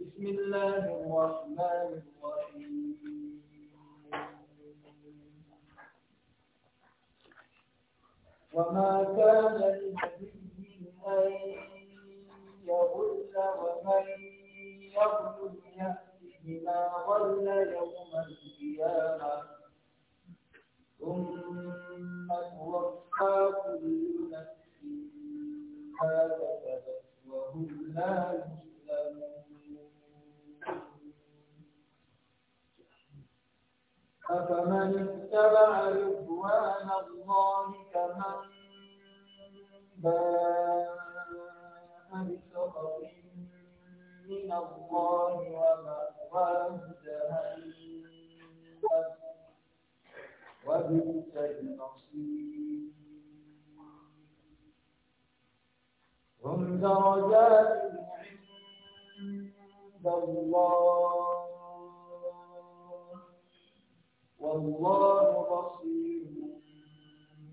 بسم الله الرحمن الرحيم وما كان لنبي أن يغل ومن يغل يأتي بما غل يوم القيامة ثم توفى كل نفس فيها كسبت وهم لا يظلمون أفمن اتبع رضوان الله كمن باء بسخط من الله ومأواه جهنم وبئس المصير هم درجات عند الله والله بصير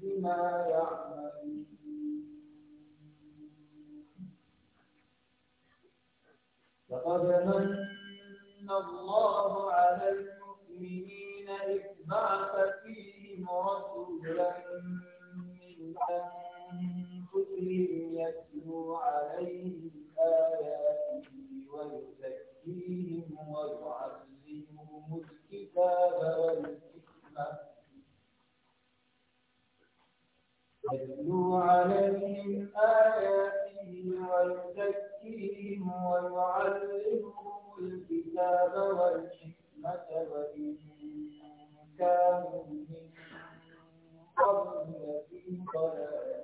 بما يعملون لقد من الله على المؤمنين إذ بعث فيهم رسولا من أنفسهم رسولهم يتلو عليهم آياته ويزكيهم ويعلمهم الكتاب والحكمة يتلو عليهم آياته ويزكيهم ويعلمهم الكتاب والحكمة وإن كانوا من قبل في ضلال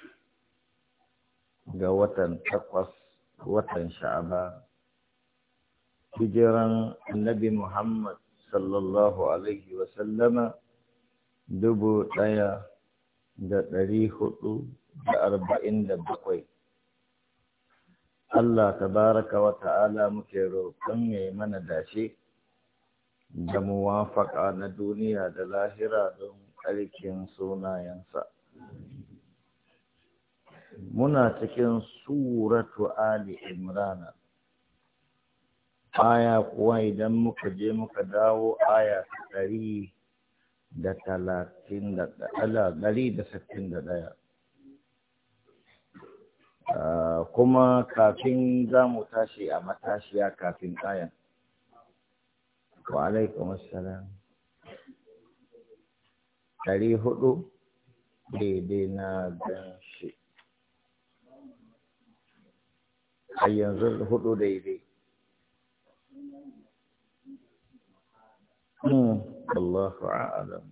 ga watan takwas watan sha'aba hijiran annabi Muhammad sallallahu alaihi sallama dubu ɗaya da ɗari hudu da arba'in da bakwai. Allah tabaraka wa ta'ala muke roƙon ya mana dashe da muwafaƙa na duniya da lahira don ƙarkin sunayensa. muna cikin suratu ali imrana aya kuwa idan muka je muka dawo aya dari da talatin da da sittin da ɗaya ah, kuma kafin za mu tashi a matashiya kafin ayan wa alaikum assalam ɗari hudu daidai na gan shi ayan zul hudu dey الله أعلم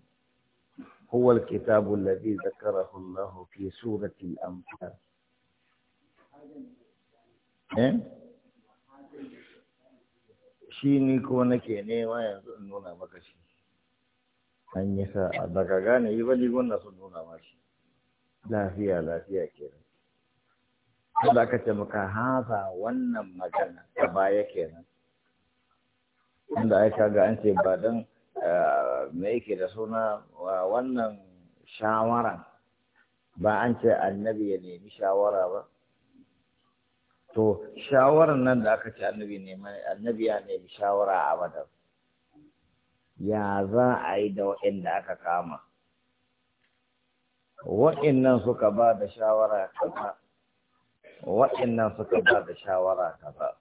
هو الكتاب الذي ذكره الله في سورة الأمثال شيني كونا كيني ما يظنون بكشي أن يسا أدقاني يبني كونا صدونا ماشي لا فيها لا فيها كذا Allah ka ce maka haza wannan magana ta baya kenan inda ai ga an ce ba dan eh, me yake da suna wannan shawara ba an ce annabi ya nemi shawara ba to shawaran nan da aka ce annabi annabi ya nemi shawara a badar ya za a yi da waɗanda aka kama waɗannan suka ba da shawara kama. waɗannan suka ba da shawara kaza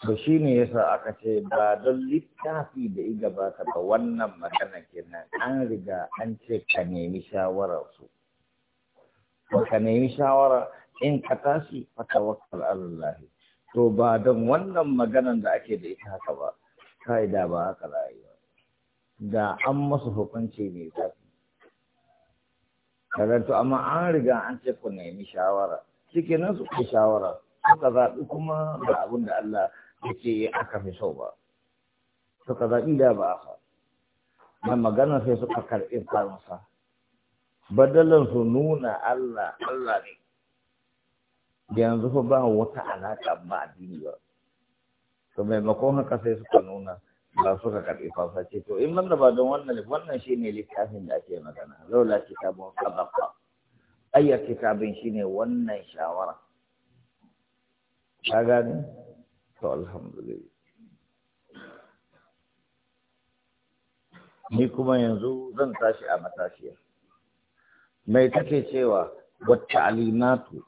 to shi ne yasa aka ce ba don littafi da iga ba ka ba wannan magana kenan an riga an ce ka nemi shawarar su ka nemi shawara in ka tashi fata wakal Allah to ba don wannan maganan da ake da ita haka ba kai da ba haka rayuwa da an masa hukunci ne zafi kaga amma an riga an ce ku nemi shawara cikin nan suke shawara suka zaɓi kuma ba abin da Allah ya ce aka fi so ba suka zaɓi da ba a na magana sai suka karɓi kansa badalan su nuna Allah Allah ne yanzu fa ba wata alaƙa ba addini ba to maimakon haka sai suka nuna ba suka karɓi fansa to in nan da ba don wannan wannan shi littafin da ake magana laula kitabun sadaqa ayyar kitabin shi wannan shawara ka gane to alhamdulillah ni kuma yanzu zan tashi a matashiya mai take cewa wata alimatu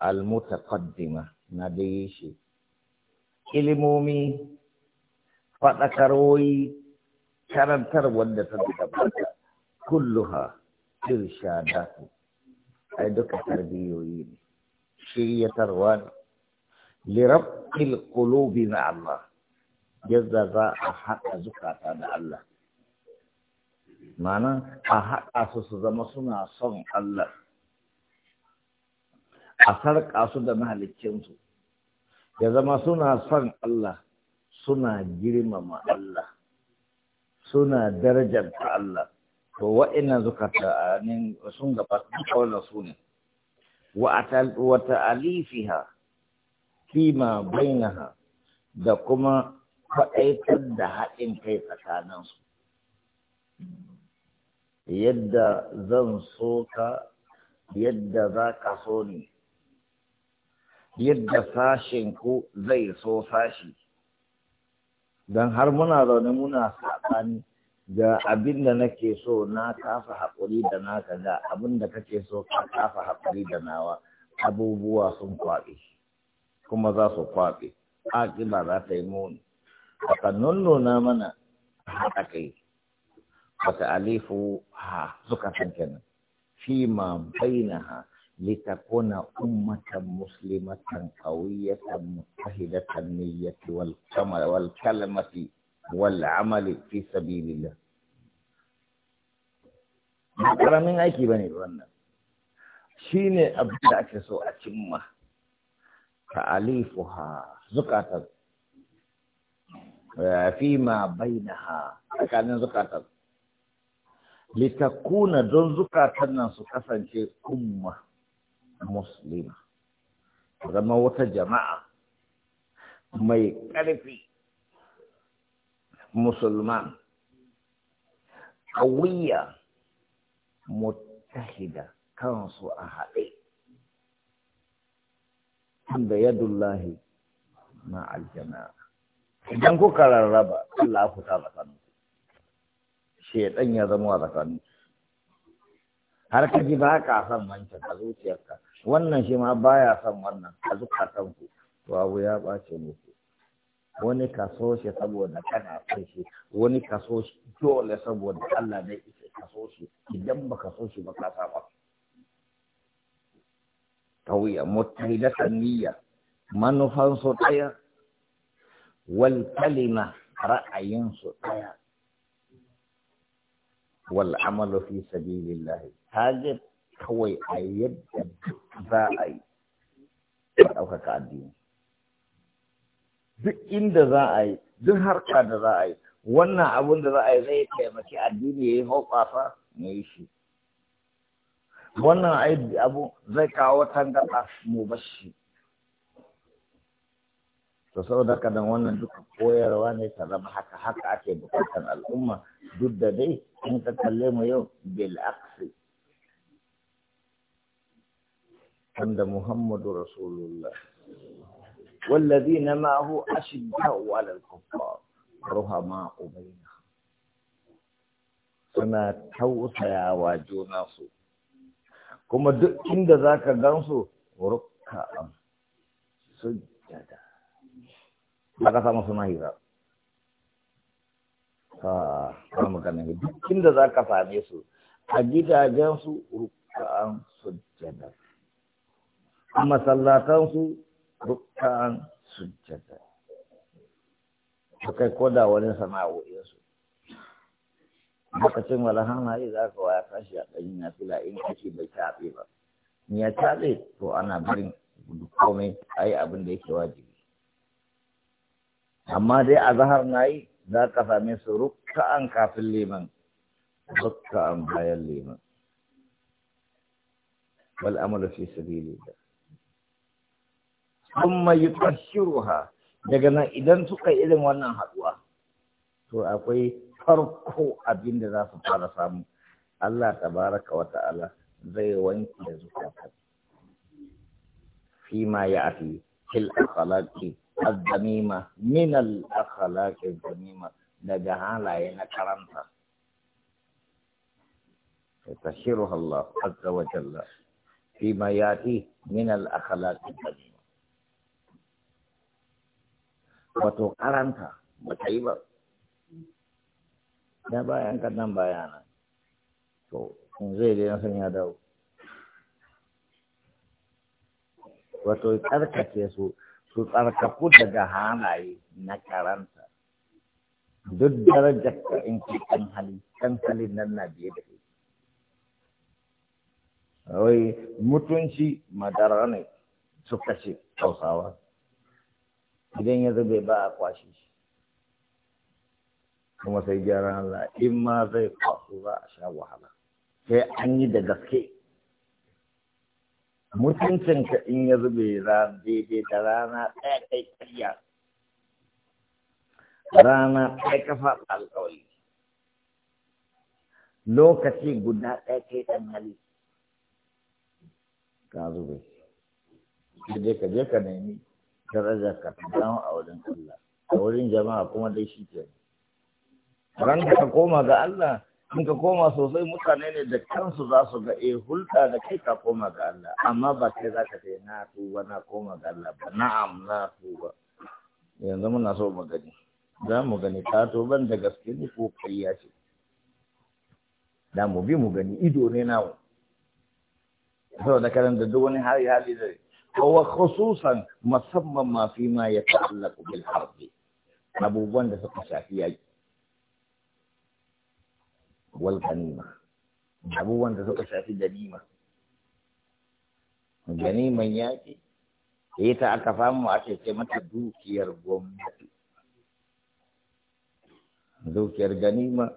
almutaqaddima na da shi ilimomi faɗakarwoyi karantar wanda ta gabata kulluha su, ai duka tarbiyoyi ne shiryatarwa ne lirabtil qulubi na Allah yadda za a haɗa zukata da Allah ma'ana a haɗa su su zama suna son Allah a sarƙa su da mahalicinsu ya zama suna son Allah suna girmama Allah suna darajarta Allah to wa'annan zukata anin sun gaba kawai su ne wa atal wa ta'alifiha fima bainaha da kuma faɗaitar da haɗin kai tsakaninsu yadda zan so ka yadda za ka so ni yadda sashen ku zai so sashi don har muna zaune muna saɓani ga abin da nake so na kafa haƙuri da naka ga abin da kake so ka kafa haƙuri da nawa abubuwa sun kwaɓe kuma za su kwaɓe aƙiba za ta yi muni aka nunnuna mana haɗa kai wata alifu ha suka san kenan fi ma bainaha litakuna أمة مسلمة قوية متحدة النية والكلمة والعمل في سبيل الله amali fi ba karamin aiki bane wannan ne abin da ake so a cimma alifu ha zukatan fi ma ha tsakanin zukatan litakuna don zukatan nan su kasance umma muslima zama wata jama'a mai ƙarfi musulman ƙawiyya mutahida kansu a haɗe da yadullahi na aljana idan kuka rarraba Allah ku ta tsakanin shi ya ya zama a har ka ji ba ka san wancan a zuciyarka wannan shi ma baya son wannan a zukatan ku to abu ya ɓace muku wani kaso shi saboda kana son shi wani kaso shi dole saboda Allah ne yake kaso shi idan ba kaso shi ba ka saba tawiya mutahidatan niyya manufan su ɗaya wal kalima ra'ayin su ɗaya wal amalu fi sabilillahi je kawai a yadda za a yi a ɗaukaka addini duk inda za a yi duk harka da za a yi wannan abin da za a yi zai taimaki addini ya yi hoɓasa ya yi shi wannan abu zai kawo tangaɗa mu bashi to saboda haka wannan duka koyarwa ne ta zama haka haka ake bukatar al'umma duk da dai in ka kalle mu yau bil aksi عند محمد رسول الله والذين معه أشداء على الكفار رحماء بينهم suna tausayawa juna su kuma duk inda za ka gansu rukka'an sujjada ka samu suna same su a gidajensu rukka'an sujjada masallatan su rukkan sujjada su kai koda wani su lokacin walhana yi za ka waya kashi a ɗanyi na fila in ake bai taɓe ba ni ya taɓe to ana barin komai a yi abin da yake wajibi amma dai a zahar na yi za ka same su rukka'an kafin liman rukka'an bayan liman wal amalu fi sabilillah ثم يقشرها daga nan idan suka yi irin wannan haduwa to akwai farko abin da za su fara samu Allah tabaraka wa ta'ala zai wanke zukatan fi ma ya afi fil akhlaqi az-zamima min al akhlaqi az-zamima daga halaye na karanta tashiruha Allah azza wa jalla fi ma yati min al akhlaqi az wato karanta ba ta yi ba ya bayan kaɗan nan baya to in zai dai na sanya dawo wato tsarkace su su tsarkaku daga halaye na karanta duk darajar ka in ki kan hali kan hali nan na biye da kai wai mutunci madara ne suka ce hausawa idan ya zube ba a kwashe shi kuma sai gyara Allah in ma zai kwaso za a sha wahala sai an yi da gaske ka in ya zube ran daidai da rana ɗaya kai ƙarya rana ɗaya kafa alƙawari lokaci guda ɗaya kai ɗan hali ka zube ka je ka nemi daraja ka ta dawo a wurin Allah a wurin jama'a kuma dai shi ke ran ka koma ga Allah in ka koma sosai mutane ne da kansu za su ga eh hulɗa da kai ka koma ga Allah amma ba kai za ka ce na tuba na koma ga Allah ba na'am na tuba yanzu muna so mu gani za mu gani ka tuban da gaske ne ko kariya ce da mu bi mu gani ido ne nawo saboda karanta da duk wani hali hali zai هو وخصوصا مصمم فيما يتعلق بالحرب نبو بوان ده سقسا والغنيمة نبو بوان ده سقسا في جنيمة جنيمة ياكي ايتا اكفام واشي كمت دوكي يرغم دوكي يرغنيمة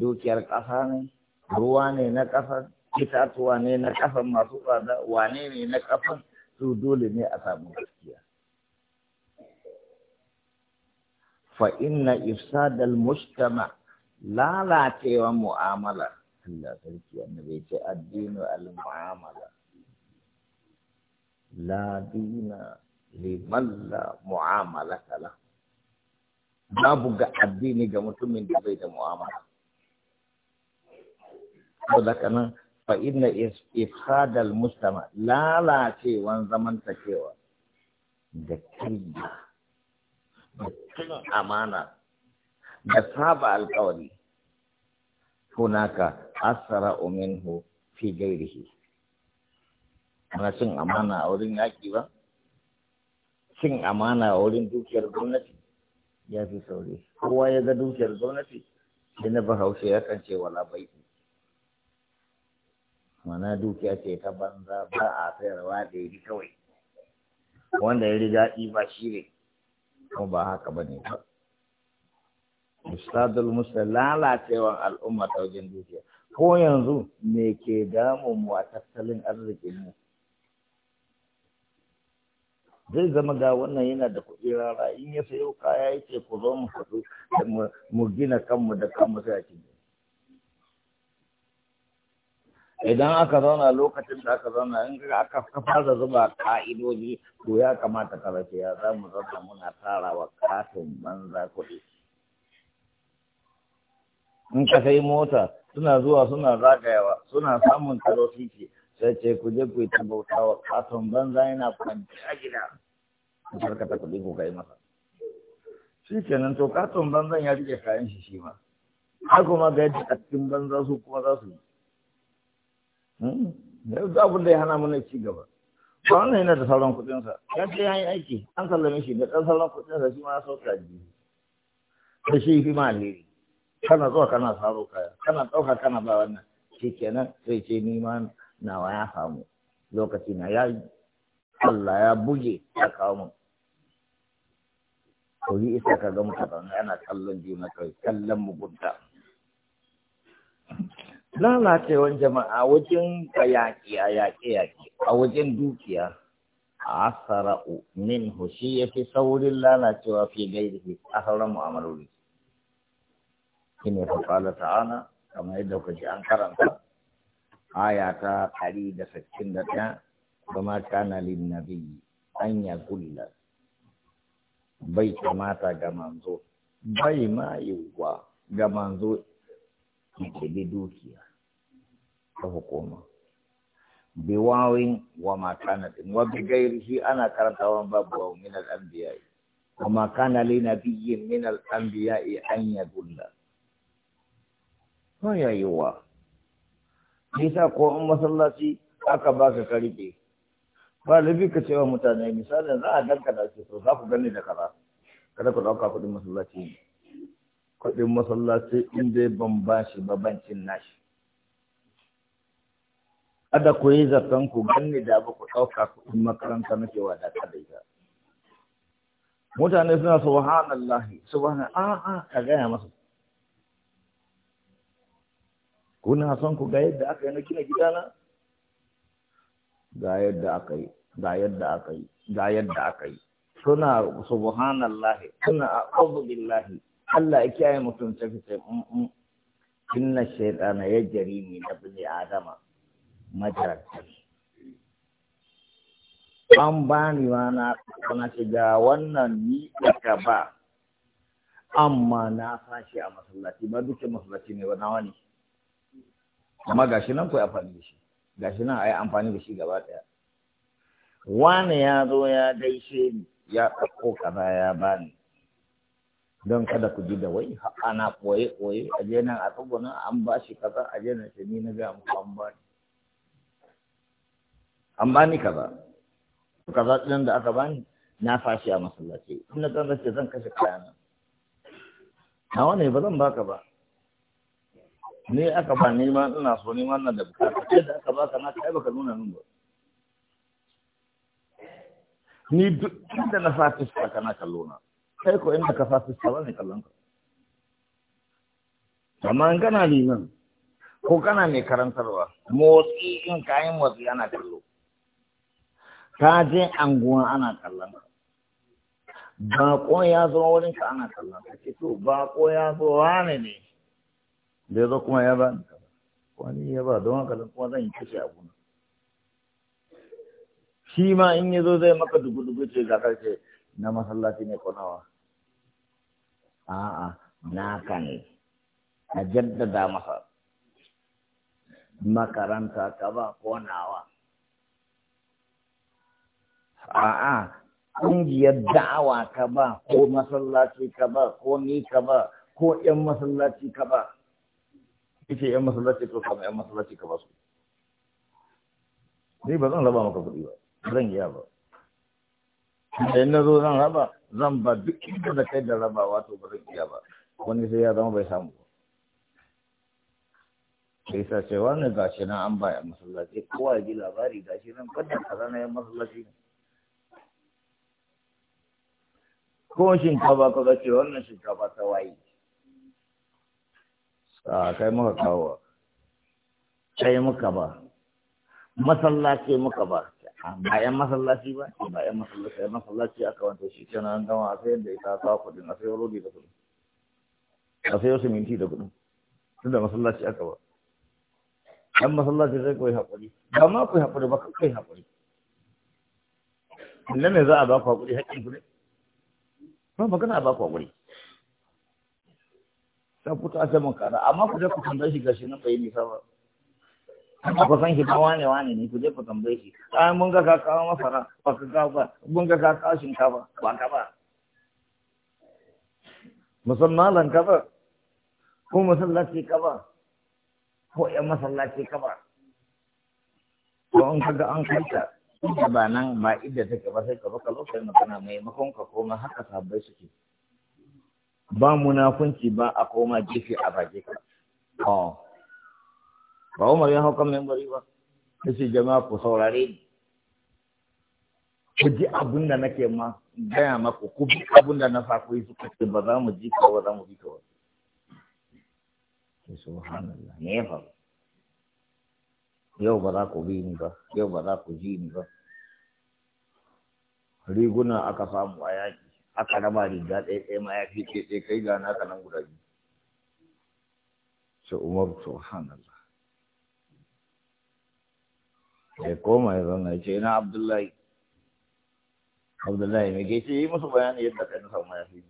دوكي يرغساني رواني نكفر كتاتواني نكفر مصورة واني نكفر su dole ne a samu gaskiya fa inna ifsadal mujtama lalacewa mu'amala Allah sarki annabi ce addinu al mu'amala la dina man la mu'amala kala babu ga addini ga mutumin da bai da mu'amala saboda kana fa inna ifhadal mustama lalacewan zamantakewa da kirya da cin amana da saba alkawari hunaka asara minhu fi gairihi ana cin amana a wurin yaƙi ba cin amana a wurin dukiyar gwamnati ya fi sauri kowa ya ga dukiyar gwamnati sai na bahaushe ya kan ce wala bai mana dukiya ce ta banza ba a sayarwa da yi kawai wanda ya riga ba shi ne kuma ba haka ba ne ba ustadul musa lalacewan al'umma ta wajen dukiya ko yanzu me ke damun mu a tattalin arzikin ne zai zama ga wannan yana da kuɗi rara in ya sayo kaya yake ku zo mu mu gina kanmu da kanmu sai a cikin idan aka zauna lokacin da aka zauna in ka aka fara zuba ka'idoji to ya kamata ka rufe ya za mu zauna muna tara wa katin banza kuɗi in ka sai mota suna zuwa suna zagayawa suna samun taro sai ce ku je ku yi ta bauta wa katon banza yana kwanci a gida ku karkata kuɗi ku kai masa shi kenan to katon banzan ya rike kayan shi shi ma har kuma ga yadda a cikin banza su kuma za su yi Hmm? yanzu abin da ya hana mana ci gaba ba wannan yana da sauran kuɗinsa ya ce ya yi aiki an sallame shi da ɗan sauran kuɗinsa shi ma ya sauka jihu da shi fi ma alheri kana zuwa kana saro kaya kana ɗauka kana ba wannan shi kenan sai ce ni ma nawa ya samu lokaci na ya yi Allah ya buge ya kawo mu to isa ka ga mutane Yana kallon juna kai kallon mugunta yawan jama'a wajen yaƙi a yaƙe yaƙi a wajen dukiya a asara min hushi ya fi saurin lalacewa fi fi a sauran mu'amaloli shi ne faƙala ta'ana kamar yadda kuka ji an karanta aya ta ɗari da sakin da ɗaya kuma kana lin biyu an ya kulla bai kamata ga manzo bai ma yiwuwa ga manzo ke dukiya ta hukuma biwawin wa ma kana din wa bi gairihi ana karantawa babu wa min al anbiya wa ma kana li nabiyyin min al anbiya an yadulla ko yayiwa bisa ko in masallaci aka baka karbe galibi ka cewa mutane misalin za a danka da ake so za ku gani da kaza kada ku dauka kudin masallaci kudin masallaci in dai ban bashi babancin nashi kada ku yi zaton ku ganni da ba ku ɗauka kuɗin makaranta nake wadata da ita mutane suna subhanallahi a a'a ka gaya masa kuna son ku ga yadda aka yi na gina gidana ga yadda aka yi ga yadda aka yi ga yadda aka yi suna subhanallahi suna a a'udhu billahi Allah ya kiyaye mutum sai sai mm, mm, inna ya yajri na ibni adama madarar an ba ni kana na shiga wannan ni aka ba amma na sashi a masallaci ba dukkan masallaci ne ba wani ne amma gashi nan ku amfani da shi gashi nan ai amfani da shi gaba daya wani ya zo ya gaishe ni ya ɗauko kaza ya bani don kada ku ji da wai ana koye koye a je nan a tsuguna an ba shi kaza a je nan ni na ga muku an bani kaza kaza ɗin da aka bani na fashi a masallaci in na kan ce zan kashe kayana nawa ne ba zan baka ba ni aka ba ni ma ina so ni ma na da bukata sai da aka baka na kai baka nuna min ba ni duk inda na sa fuska kana kallo na kai ko inda ka sa fuska ba ne kallon ka amma in kana liman ko kana mai karantarwa motsi in kayan motsi ana kallo ka je anguwa ana kallon ka bako ya zo wurin ka ana kallon ka ce to bako ya zo wane ne da ya zo kuma ya ba wani ya ba don haka kuma zan yi kashe a gona shi ma in ya zo zai maka dubu-dubu ce ga karshe na masallaci ne konawa a'a na ne a jaddada masa makaranta ka ba konawa a'a ƙungiyar da'awa ka ba ko masallaci ka ba ko ni ka ba ko ƴan masallaci ka ba ce ƴan masallaci ko kama ƴan masallaci ka ba su ni ba zan raba maka kuɗi ba zan iya ba idan na zo zan raba zan ba duk inda da kai da raba wato ba zan iya ba wani sai ya zama bai samu ba sai sa cewa ne gashi na an ba masallaci kowa ya ji labari gashi nan kwanta kaza na yan masallaci ne ko shinkafa ka ce wannan shinkafa ta waye a kai muka kawo kai muka ba masallaci muka ba ba yan masallaci ba ba yan masallaci ba masallaci aka wanta shi kenan an gama a sayar da ita kawo kudin a sayo rodi da kudin a sayo siminti da kudin da masallaci aka ba yan masallaci zai kawai haƙuri ba ma kawai haƙuri ba kai haƙuri inda ne za a ba ku haƙuri haƙƙin ku ne ba magana ba ku wuri ta fito a saman kara amma ku je ku tambaye shi gashi nan bai nisa ba amma ku san shi ba wane wane ne ku je ku tambaye shi ai mun ga ka kawo masara ba ka ga ba mun ga ka kawo shinkafa ba ka ba musamman ka ba ko masallaci ka ba ko ƴan masallaci ka ba ko an kaga an kai inda ba nan ba inda take ba sai ka baka lokacin mai makon ka koma haka sabbai suke ba munafunci ba a koma gefe a baje ka oh. ba umar ya hauka membari ba sai jama'a ku saurare ni ku ji abin da nake ma gaya maku ku bi abin da na sa ku yi suka ce ba za mu ji ka ba za mu bi ka ba subhanallah ne ya yau ba za ku bi ni ba yau ba za ku ji ni ba riguna aka samu a yaƙi aka raba riga ɗaya ɗaya ma fi ɗaya ɗaya kai ga naka nan guda biyu sai umar subhanallah ya koma ya zauna ya ce ina abdullahi abdullahi mai ce yi musu bayani yadda kai na samu yafi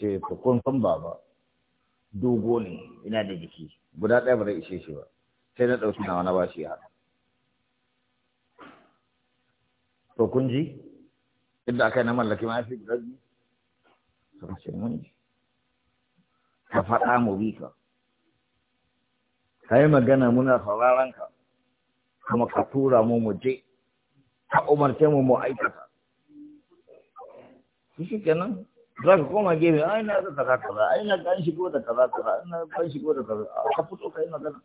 ce to kun san baba dogo ne ina da jiki guda ɗaya ba zai ishe shi ba sai na ɗauki nawa na bashi ya to kun ji inda aka yi na mallaki ma fi guda biyu suka ce mun ji ka faɗa mu bi ka ka yi magana muna sauraron ka kuma ka tura mu mu je ka umarce mu mu aikata shi kenan za ka koma gefe ai na da kaza kaza ai na kan shigo da kaza kaza ai na kan shigo da kaza ka fito kai magana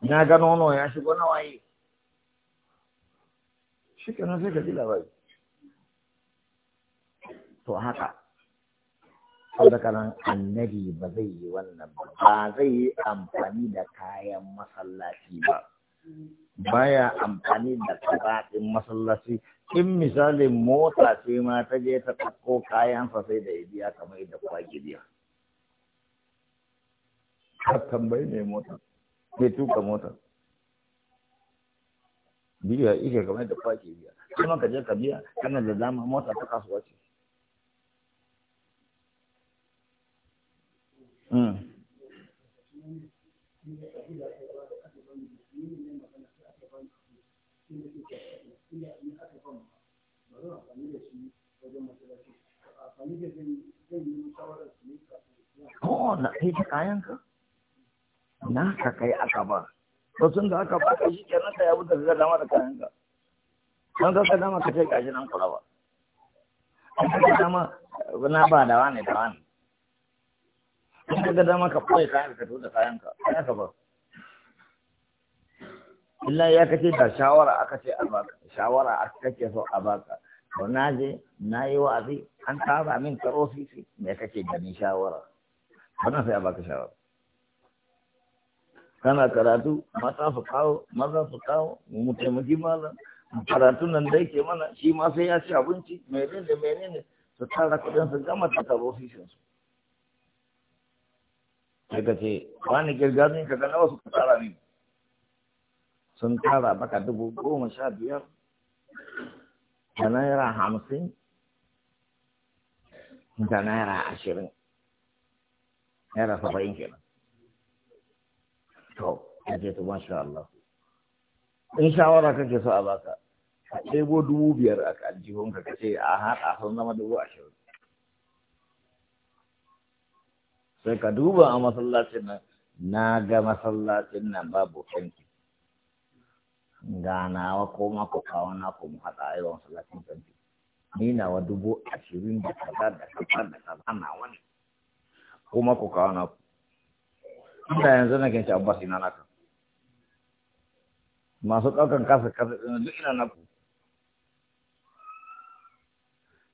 na ga nono ya shigo na waye shi kenan sai ka ji labari to haka saboda kanan annabi ba zai yi wannan ba ba zai yi amfani da kayan masallaci ba baya amfani da kabaɗin masallaci in misalin mota ce ma ta je ta ɗauko kayansa sai da ya biya kamar da kuwa gidiya ka tambayi mai mota mai tuka mota biya ike kamar da kuwa ke biya kuma ka je ka biya kana da dama mota ta kasuwa ce inda in aka ban ba zan amfani da shi wajen amfani da yi shawarar su ne ko na kai da kayan ka na ka kai aka ba to sun da aka ba ka shi kenan ka yabu da dama da kayan ka don dama ka kai gashi nan kula ba ka dama na ba da wani da wani ka dama ka koyi kayan ka to da kayan ka ka ba illa ya kace da shawara aka ce a baka shawara aka kake so a baka to na je na yi wa'azi an tara min karo sisi me kake da ni shawara wannan sai a baka shawara kana karatu mata su kawo maza su kawo mu taimaki mala, karatun nan da yake mana shi ma sai ya ci abinci menene menene su tara kudin su gama ta karo sisin su sai ka ce wani girgazin ka ga nawa suka tara ne sun tara baka dubu goma sha biyar da naira hamsin da naira ashirin naira saba'in kenan to ake to masha Allah in shawara kake so a baka a ɗebo dubu biyar a aljihunka ka ce a haɗa sun zama dubu ashirin sai ka duba a masallacin nan na ga masallacin nan babu fenti ganawa ko ma ku kawo na ku mu haɗa a yawan salatin canji ni nawa dubu ashirin da kaza da kaza da kaza na wani ko ma ku kawo na ku inda yanzu na kinci abbas ina naka masu ɗaukan kasa kasa duk ina naku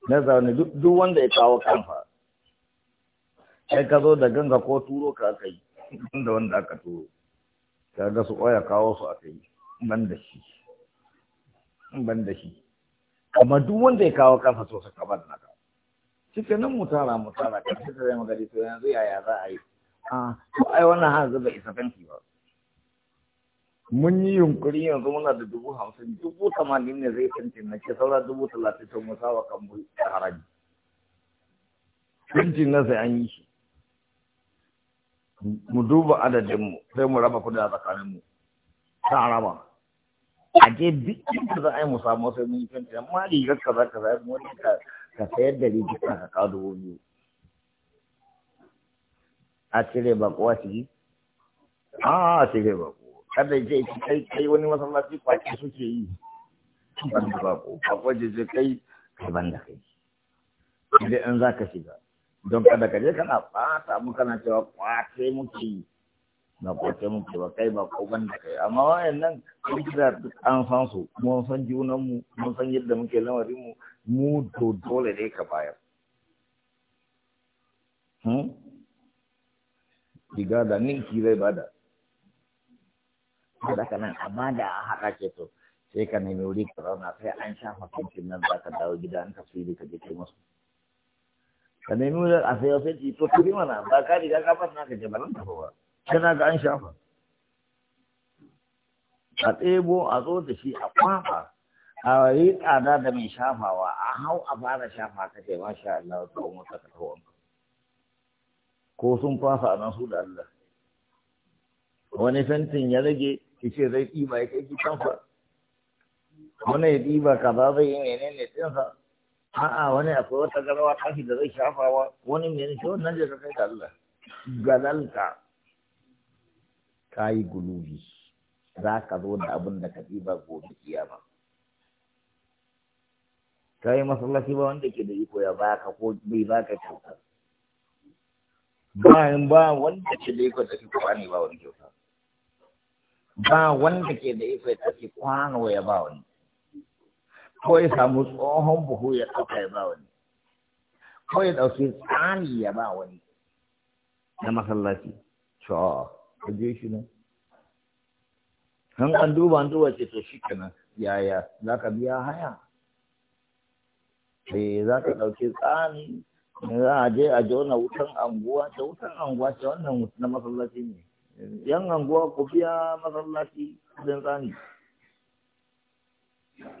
na zaune duk wanda ya kawo kanfa sai ka zo da ganga ko turo ka aka yi da wanda aka turo ka ga su ƙoya kawo su aka yi ban da shi ban da shi amma duk wanda ya kawo kansa sosa kamar na naka cikin nan mu mutara mu tara kan shi da mu gari to yanzu yaya za a yi a ai wannan har bai isa fanti ba mun yi yunkuri yanzu muna da dubu hamsin dubu tamanin ne zai fanti na ke saura dubu talatin ta mu wa kan a haraji fanti na sai an yi shi mu duba adadinmu sai mu raba kudi a tsakaninmu ta raba a je duk inda za a yi mu samu sai mun kanta amma rigar ka za ka zai mu ka ka sayar da rigar ka ka kawo biyu a cire bako a ciki a a cire bako kada je ki kai kai wani masallaci kwaki suke yi ban da bako bako je je kai kai ban da kai idan za ka shiga don kada ka je kana fata mu kana cewa kwace muke yi na kwace muke ba kai ba ko ban da kai amma wayannan fi da an san su mun san junan mu mun san yadda muke lamarin mu mu to dole ne ka bayar hmm diga da ki zai bada da kana amma da a haka ke to sai ka nemi wuri ka rauna sai an shafa kankin nan za ka dawo gida an tafsiri ka je kai musu ka nemi wuri a sai sai ci to ka mana ba ka riga ka fasa ka je ba nan tafi ba kana ga an shafa a ɗebo a zo da shi a kwafa a yi tsada da mai shafawa a hau a fara shafa ka ce sha Allah ta umar ka tafi ko sun fasa a nan su da Allah wani fentin ya rage ki ce zai ɗiba ya kai kansa wani ya ɗiba ba zai yi menene ɗinsa a'a wani akwai wata garawa tashi da zai shafawa wani menene shi wannan da ka kai da Allah gadalka ka yi gulubi za ka zo da abin da ka ba gobe kiyama ka yi masallaci ba wanda ke da iko ya baka ko bai baka kyauta ba ba wanda ke da iko da ke kwani ba wani kyauta ba wanda ke da iko da ke kwano ya ba wani ko ya samu tsohon buhu ya tsaka ya ba wani ko ya ɗauki tsani ya ba wani na masallaci. Shaw. je shi nan an an duba an duba ce to shi kenan yaya za ka biya haya eh za ka ɗauki tsani za a je a ji wannan wutan anguwa ta wutan anguwa ce wannan na masallaci ne yan anguwa ku biya masallaci kudin tsani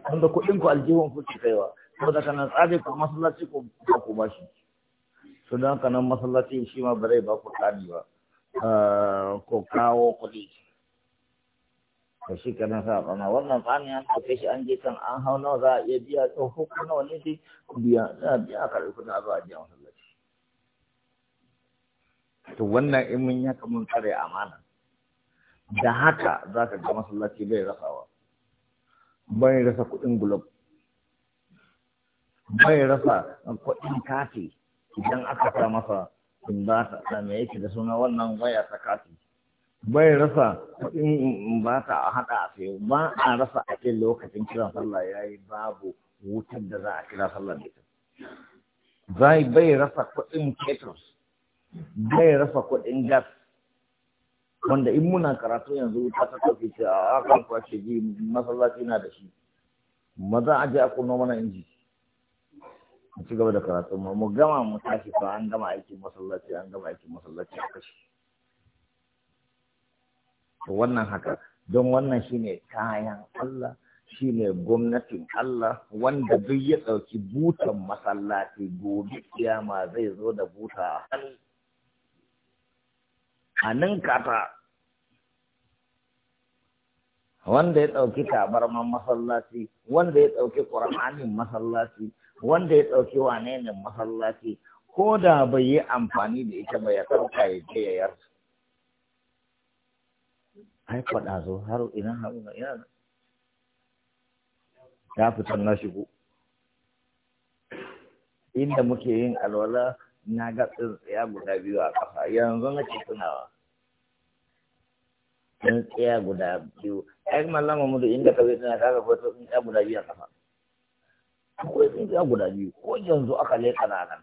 wanda kuɗin ku aljihun ku ke kaiwa saboda kana tsari ku masallaci ku ba ku ba shi su don haka nan masallaci shi ma ba zai ba ku tsani ba Eh, ko kawo kuɗi to shi kenan sa kana wannan tsani an ɗauke shi an je kan an hau nawa za a iya biya tsoho ko nawa ne dai ku biya za a biya karɓi kuɗin na zuwa biya masallaci to wannan in mun yaka mun tsare amana da haka za ka ga masallaci bai rasawa bai rasa kuɗin gulab bai rasa kuɗin kati idan aka sa masa in ba ta da me yake da suna wannan waya sakati bai rasa in ba ta a haɗa a sayo ba a rasa a ke lokacin kiran sallah ya yi babu wutar da za a kira sallah da ita zai bai rasa kuɗin petrus bai rasa kuɗin gas wanda in muna karatu yanzu ta ta tafi ce a kan kwashe ji masallaci na da shi maza a je a kuno mana inji mu ci gaba da karatu mu mu gama mu tashi to an gama aikin masallaci an gama aikin masallaci a kashi wannan haka don wannan shine kayan Allah shine gwamnatin Allah wanda duk ya dauki butan masallaci gobe kiyama zai zo da buta a ninka wanda ya ɗauki tabarman masallaci wanda ya ɗauki ƙur'anin masallaci wanda ya ɗauki wane ne masallaci ko da bai yi amfani da ita ba ya ɗauka ya je ya yar ai faɗa zo har ina na ina ya fitan na shigo inda muke yin alwala na ga tsintsiya guda biyu a ƙasa yanzu na ke tunawa tsintsiya guda biyu ai mallama da inda ka zai ka ga ko tsintsiya guda biyu a ƙasa akwai tsintsiya guda biyu ko yanzu aka leƙa na nan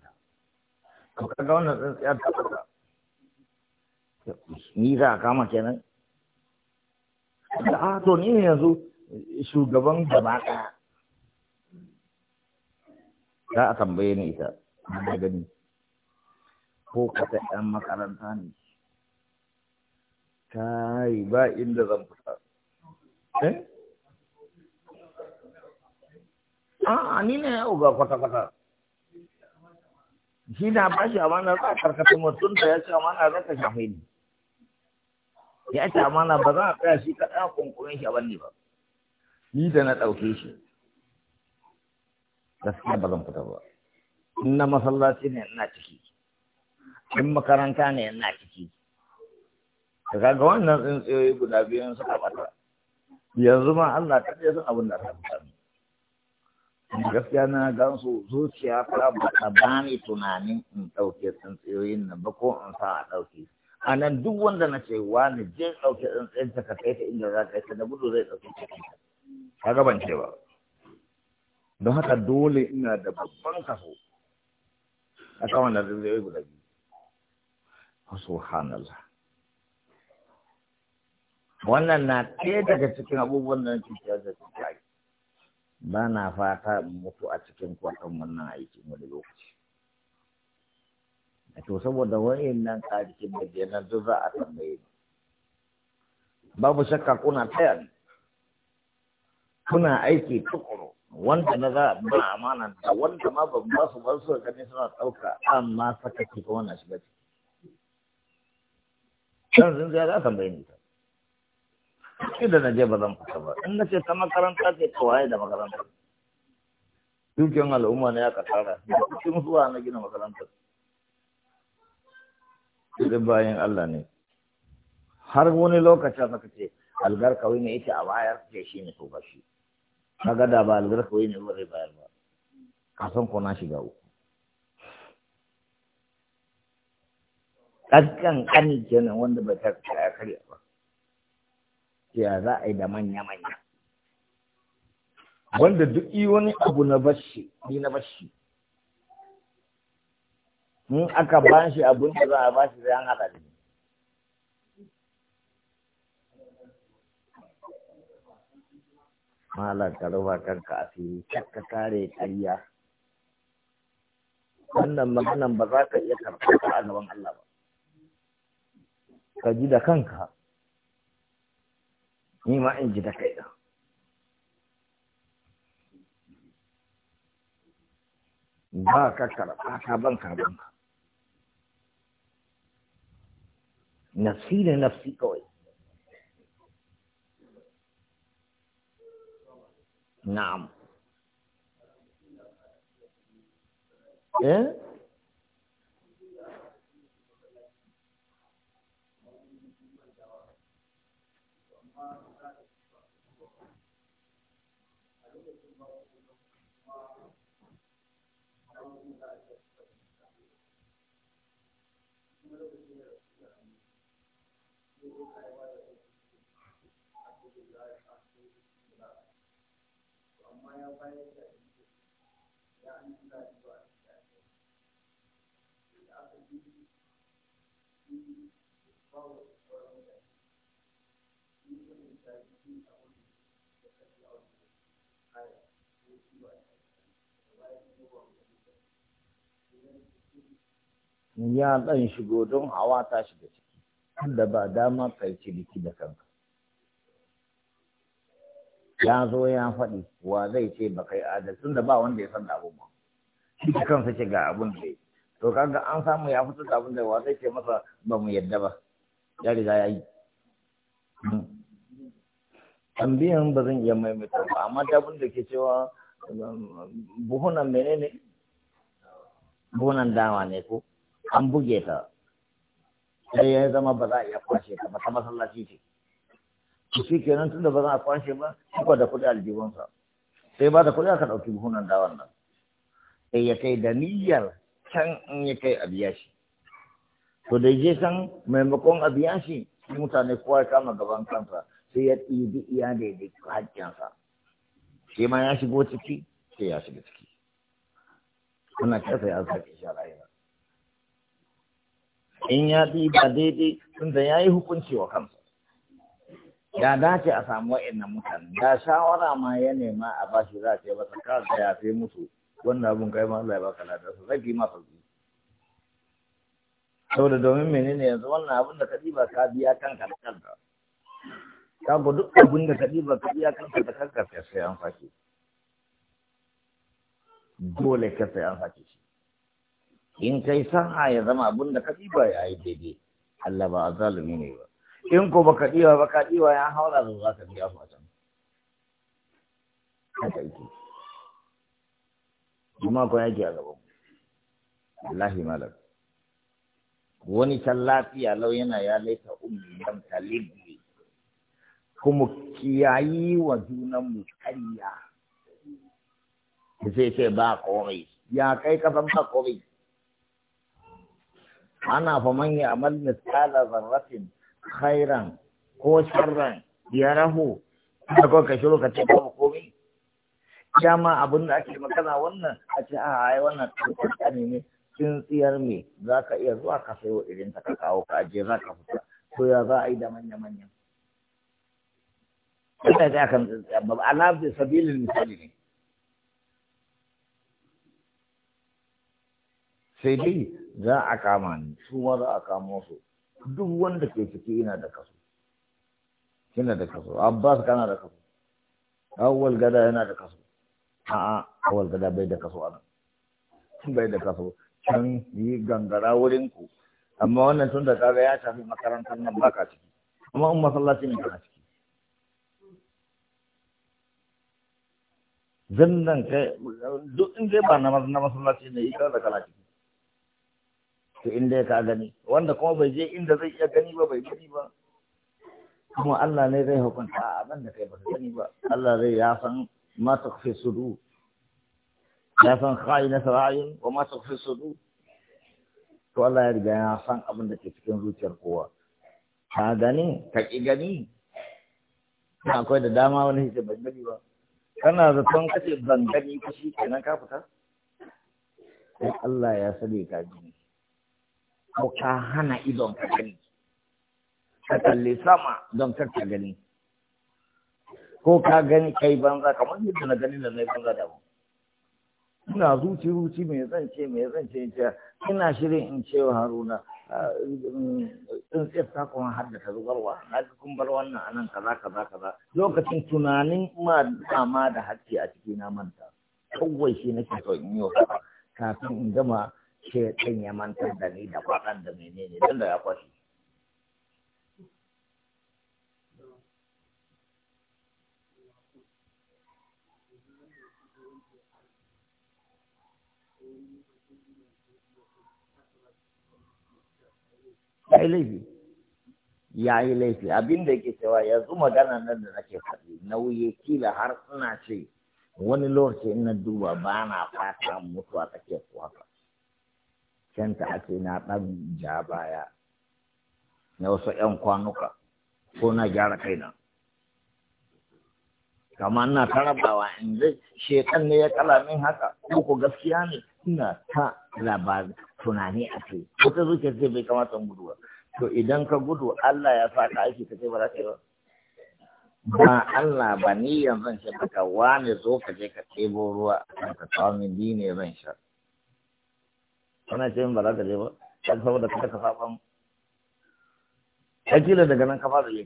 to kaga wannan tsintsiya ta fata ni za a kama kenan a ah, to ni ne yanzu shugaban gaba ɗaya za a tambaye ni ita na gani ko ta ɗan makaranta ne Ta yi ba inda zan fita eh a'a ne ya uga kwata-kwata shi na ba shi amana za a karkata mutum da ya ce amana za ta shafi ni ya ce amana ba za a tsaya shi kaɗa kunkumin shi a wani ba ni da na ɗauke shi gaskiya ba zan fita ba in na masallaci ne ina ciki in makaranta ne ina ciki daga ga wannan tsintsiyoyi guda biyu suka bata yanzu ma Allah ta ce sun abin da ta mutane gaskiya na gan su zuciya ta ba bani tunanin in ɗauke tsintsiyoyin nan ba ko in sa a ɗauke a nan duk wanda na ce ni je ɗauke tsintsiyoyin ta ka kai ta inda za ka kai na gudu zai ɗauke ta ka ga ban ce ba don haka dole ina da babban kaso a kan da tsintsiyoyi guda biyu subhanallah wannan na ɗaya daga cikin abubuwan da nake cewa da ba na fata in mutu a cikin kwatan wannan aikin wani lokaci to saboda wa'in nan ƙarfin da ke nan duk za a tambaye ni babu shakka kuna taya ni kuna aiki tukuru wanda na za a ba amana da wanda ma ban ba su ba su gani suna ɗauka amma saka ciki na shiga ciki kan zai za a tambaye ni ta da na je ba zan fita ba in na ce ta makaranta ce ta waye da makaranta dukiyan al'umma ne aka tara cikin zuwa na gina makarantar da bayan Allah ne har wani lokacin aka ce algar kawai ne yake a bayar ce shi ne tuba ba shi kaga da ba algar kawai ne wani bayar ba ka san ko na shiga uku kaskan kani kenan wanda bai ta kaya karya ya za a yi da manya-manya wanda duk yi wani abu na bashi ni na bashi in aka ba shi abin da za a ba shi zai an haɗa ne malar ka rufa kanka fiye, ka kare ƙarya wannan maganan ba za ka iya karɓar a gaban Allah ba ka ji da kanka ni ma in ji da kai da ba ka karɓa ka ban ka ban ka nafsi da nafsi kawai na'am eh ya ɗan shigo don hawa ta shiga ciki da ba dama ka yi ciniki da kanka ya zo ya faɗi wa zai ce ba kai adalci tunda ba wanda ya san da abun ba shi kansa ce ga abun da to kaga an samu ya fito da abun da wa zai ce masa ba mu yadda ba ya riga ya yi hmm. tambayan ba zan iya maimaita ba amma da abun da ke cewa buhunan menene buhunan dawa ne ko an buge ta sai ya zama ba za a iya kwashe ta ba ta masallaci ce shi kenan tun da ba za a kwashe ba shi da kuɗi aljihunsa sai ba da kuɗi aka ɗauki buhunan dawan nan sai ya kai da niyyar can in ya kai a biya shi to da je can maimakon a biya shi mutane kowa ya kama gaban kansa sai ya ɗibi iya daidai hakkinsa sai ma ya shigo ciki sai ya shiga ciki ana kasa ya sake shi a rayuwa in ya ɗiba daidai da ya yi hukunci wa kansa ya dace a samu wa'in mutane da shawara ma ya nema a bashi za a ce masa kawai da ya fi musu wannan abin kai ma Allah ya baka ladan su zai ma sauki saboda domin menene yanzu wannan abin da ka diba ka biya kanka da kanka ka ga duk abin da ka diba ka biya kanka da kanka ka sai an fake dole ka sai an fake shi in kai sa'a ya zama abin da ka diba ya yi daidai Allah ba a zalumi ne ba in ko baka diwa baka diwa ya haura da za ka biya su a can kuma ko yake a gaban wallahi malam wani can lafiya lau yana ya laita ummi dan talibi kuma kiyayi wa mu kariya sai sai ba komai ya kai kasan ba komai ana fa manya ya amal misala zarratin Hairan ko sharran ya rahu da ko ka shiru ka ce ba abin da ake makana wannan a ce a ya wannan tsaka ne ne tsiyar me za ka iya zuwa ka sayo irin ta ka kawo ka aje za ka fita ko ya za a yi da manya manya ina kan sabilin misali ne sai dai za a kama ni su ma za a kama su duk wanda ke ciki yana da kaso yana da kaso abbas kana da kaso awwal gada yana da kaso a'a awwal gada bai da kaso anan bai da kaso can yi gangara wurin ku amma wannan tun da kaga ya shafi makarantar nan baka ciki amma umma masallaci ne kana ciki zannan kai duk inda dai ba na masallaci ne ita da kana ciki to inda ka gani wanda kuma bai je inda zai iya gani ba bai gani ba kuma Allah ne zai hukunta a abin da kai ba gani ba Allah zai ya san ma kufi sudu ya san na sarayin wa ma kufi sudu to Allah ya riga ya san abin da ke cikin zuciyar kowa ka gani ka ki gani akwai da dama wani hice ban gani ba kana zaton kace ban gani ka shi kenan ka fita Allah ya sani ka gani ko ka hana idon ka gani ka kalli sama don kar ka gani ko ka gani kai banza kamar yadda na gani da na banza da mu ina zuci zuci mai zance mai zance ce ina shirin in ce wa haruna tsintsiyar ta kuma ta zubarwa na ji kun bar wannan anan kaza kaza kaza lokacin tunanin ma dama da haske a cikina na manta kawai shi nake so in yi wa kafin in gama ce ɗan ya mantar da ni da kwaɗan da ne, don da ya kwashe ya yi laifi ya yi laifi abin da ke cewa yanzu magana nan da nake faɗi nauyi kila har ina ce wani lokaci ina duba ba na fata mutu a tsakiyar ka. a ce na ɗan ja baya na wasu ‘yan kwanuka ko na gyara kaina. Kamar na tarabawa in shekan ne ya kala min haka ko gaskiya ne ina ta labarin tunani a kai wata zuke ce bai kamata gudu ba to idan ka gudu Allah ya sa ka aiki ka ce ba za ba ba Allah ba ni yanzu zan ce ka wani zo ka je ka ɗebo ruwa ka kawo min ne zan sha wani ce min ba za ka je ba ka saboda kada ka saba mu kila daga nan ka fara yi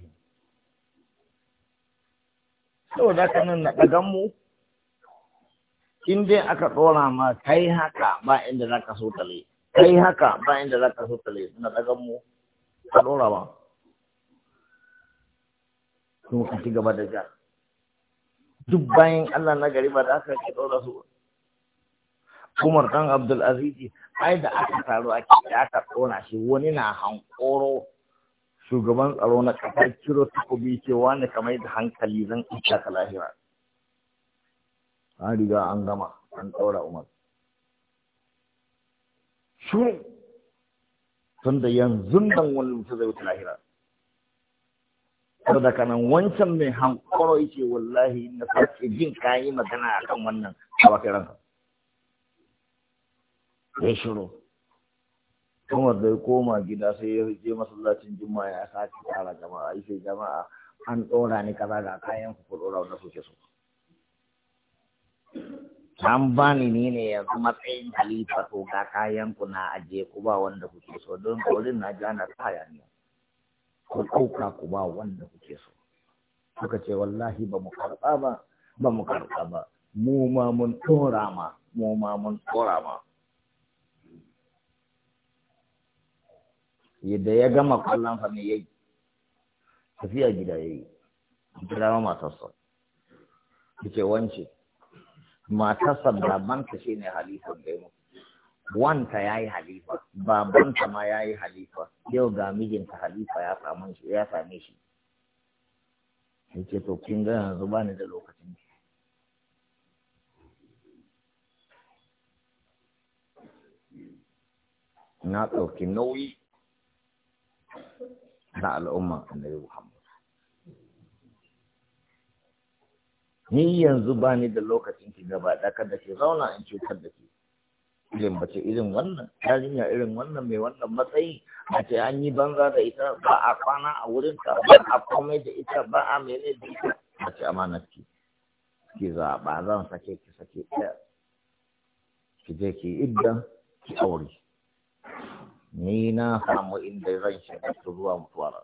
da ka nan na ɗagan mu in dai aka ɗora ma kai haka ba inda za ka so tale kai haka ba inda za ka so tale na ɗagan mu ka ɗora ba. kuma ka ci gaba da ja duk bayan Allah na gari ba da aka ke ɗora su Umar kan Abdul Aziz ai da aka taru a da aka tsona shi wani na hankoro shugaban tsaro na ƙasar kiro kubi ce wani kamar da hankali zan ita ka lahira. An riga an gama an ɗaura Umar. Shuru tun da yanzu nan wani mutu zai wuce lahira. Kar da kanan wancan mai hankoro yake wallahi na farce jin kayi magana akan wannan a bakin ranka. ya shiru da zai koma gida sai ya je masallacin juma'a ya sake tara jama'a sai jama'a an ɗora ni kaza ga kayan ku ku ɗora wanda suke so an bani ni ne yanzu matsayin halifa to ga kayan ku na aje ku ba wanda kuke so don kaurin na ja na taya ne ku ɗauka ku ba wanda kuke so suka ce wallahi ba mu karɓa ba ba mu karɓa ba mu ma mun tora ma mu ma mun tora ma yadda ya gama kwallon fa mai yayi tafiya gida yayi kirawa matarsa yace wance matarsa babanta shine ne da yi, wanta ya yi halifa babanta ma ya yi halifa yau ga mijinta halifa ya samu shi ya same shi to kin ga yanzu ni da lokacin ki na ɗauki nauyi na al'umman annabi Muhammad. Ni yanzu ba ni da lokacin ki gaba da da ke zauna in cutar da ke. Irin bace irin wannan, yarinya irin wannan mai wannan matsayi, a ce an yi banza da ita ba a kwana a wurin ta ba a komai da ita ba a mene da ita. A ce amanar ki, ki ba zan sake ki sake ɗaya. Ki je ki idda ki aure. ni na samu inda zan shiga zuwa mutuwar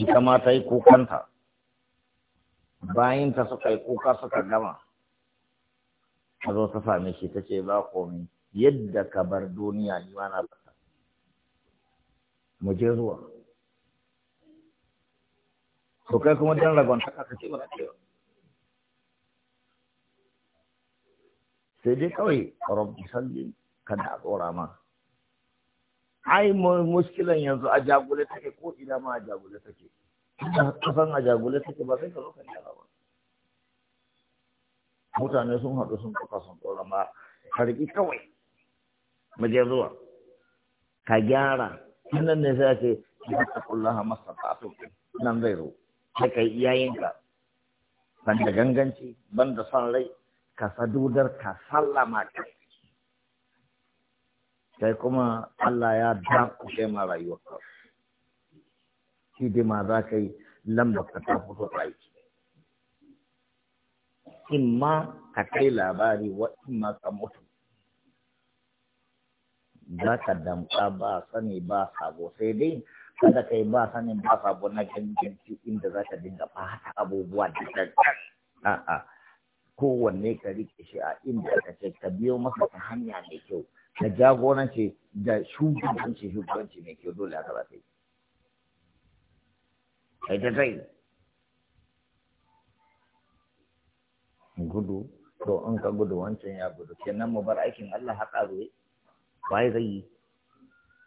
ita ma ta yi kukanta bayan ta suka yi kuka suka gama ta zo ta same shi ta ce ba komi yadda ka bar duniya ni ma na fata mu je zuwa to kai kuma dan ragon ta ka ce ba ta ce ba sai dai kawai rabbi salli kada a tsora ma ai muskilan yanzu a jagule take ko ina ma a jagule take kasan a jagule take ba sai ka zo ka gyara ba mutane sun haɗu sun kuka sun tsora ma harki kawai je zuwa ka gyara nan ne sai ake ya ta ha masa tato nan zai ro sai kai iyayenka ban da ganganci ban da san rai ka sadudar ka sallama ka sai kuma Allah ya dakushe ma rayuwarka ma za ka yi lamba ka ta fito aiki in ma ka kai labari wa in ma ka mutu za ka damka ba sani ba sabo sai dai kada kai ba sani ba sabo na ganganci inda za ka dinga fata abubuwa da gangan a'a kowanne ka riƙe shi a inda aka ce ka biyo masa ta hanya mai kyau da jagoranci da shugabanci shugabanci mai kyau dole aka zafi kai ta tai gudu to in ka gudu wancan ya gudu kenan mu bar aikin Allah haka zuwa bai zai yi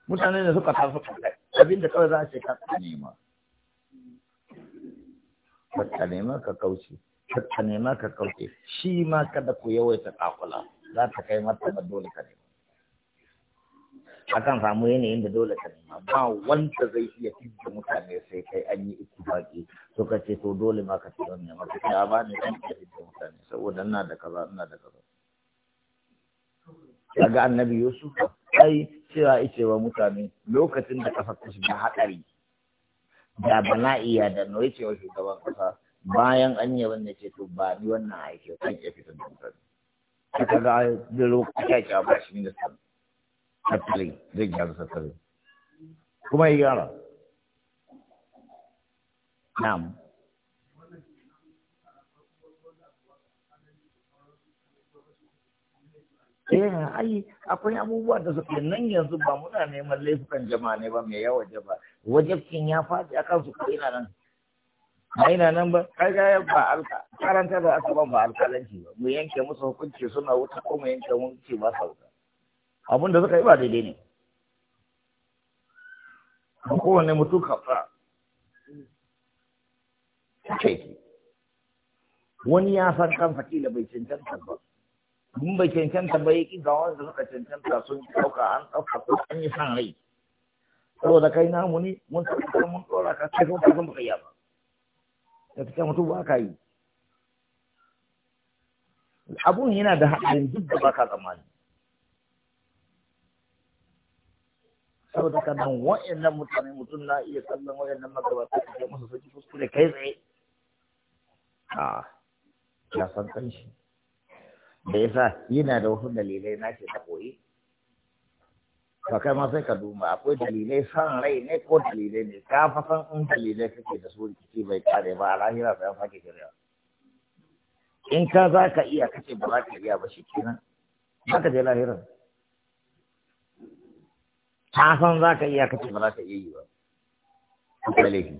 mutane ne suka tafi kai abinda kawai za a ce ka nema ka nema ka kauce ka nema ka kauce shi ma kada ku yawaita kakula za ta kai martaba dole ka nema akan samu yanayin da dole ka nema ba wanda zai iya fidda mutane sai kai an yi ittifaqi to ka ce to dole ma ka ce don nema ka ce ba ne zan iya fidda mutane saboda ina da kaza ina da kaza daga annabi yusuf ai cewa ice wa mutane lokacin da kafa kashi da haɗari da bala'iya da noye cewa shugaban kasa bayan an yi wannan ce to ba ni wannan aiki kan iya fitar da mutane ka ta ga da lokaci ya ba shi da tattalin zai gyara tattalin kuma ya gyara na'am eh ai akwai abubuwa da suke nan yanzu ba muna neman laifukan jama'a ne ba mai yawa jama'a Wajabkin ya faɗi a su ko ina nan ba ina nan ba kaga ba alka karanta da aka ba alkalanci ba mu yanke musu hukunci suna wuta ko mu yanke ce ba sa wuta abinda da suka yi ba daidai ne ba kowane mutu kafa ce wani ya san kan fakila bai cancanta ba mun bai cancanta ba ya ga wanda suka cancanta sun ɗauka an ɗauka ko an yi san rai saboda kai namu ne mun tabbata mun ɗora ka kai kuma ka san baka yi ba da cikin mutu ba ka yi abun yana da haɗarin duk da baka tsammani saboda ka nan wa'annan mutane mutum na iya kallon nan magabata da ke musu sauki kuskure kai tsaye a ya san kanshi da yasa yana da wasu dalilai na ce ta koyi Ka kai ma sai ka duba akwai dalilai san rai ne ko dalilai ne ka fa san in dalilai kake da su rikici bai kare ba a lahira sai an fake shirya in ka za ka iya kace ba za ka iya ba shi kenan za ka je lahira? ta san za ka iya kace ba za ka iya yi ba dalilai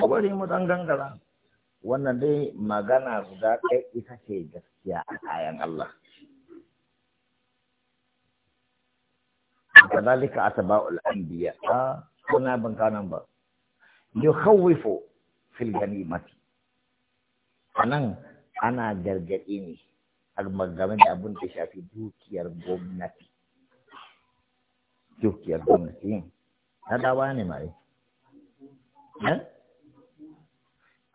Ko ka bari mu dan gangara wannan dai magana guda ɗaya ita ce gaskiya a kayan Allah كذلك أتباع الأنبياء هنا بنكان با يخوف في الغنيمة أنا أنا جرجت إني المجمد أبن تشافي دوكي نتي دوكي نتي هذا واني ماري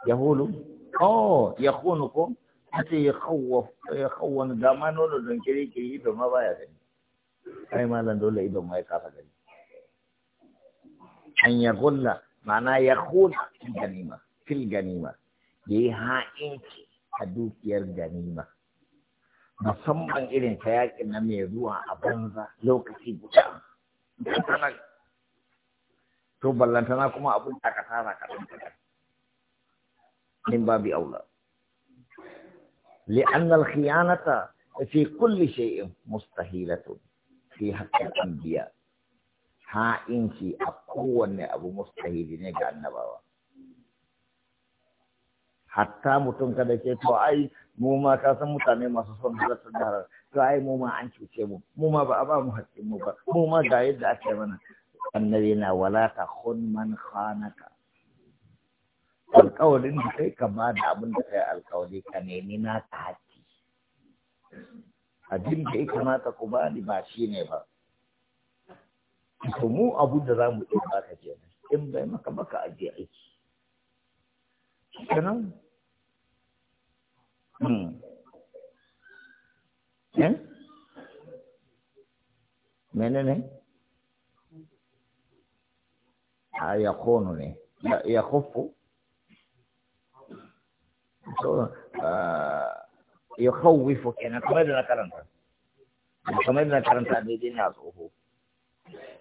يقول أو يخونكم حتى يخوف يخون دامانو لدن كري كري دوما بايا ai malam dole idon ma ya kasa gani an ya gulla ma'ana ya kuna fil ganima fil ganima ya yi ha'inci a dukiyar ganima musamman irin ta yakin na mai zuwa a banza lokaci guda to ballantana kuma abin da aka tara kaɗan kaɗan min babi aula li'annal khiyanata fi kulli shay'in mustahilatun an biya anbiya ki a kowanne abu mustahili ne ga annabawa hatta mutum kada ke to ai mu ma ka san mutane masu son halartar da harar to ai mu ma an cuce mu mu ma ba a ba mu haƙƙin mu ba mu ma ga yadda ake mana annabi na wala ta khun man khanaka alƙawarin da kai ka ba da abin da kai alƙawari ka nemi na ta haƙƙi abin da ya kamata ku bani ba shi ne ba to mu abu da za mu ɗin baka jena, in bai maka baka ajiye aiki Hmm. eh menene a ah, ya kono ne ya kofu so ah, ya hauwifu kenan kamar da na karanta kamar da na karanta daidai na tsoho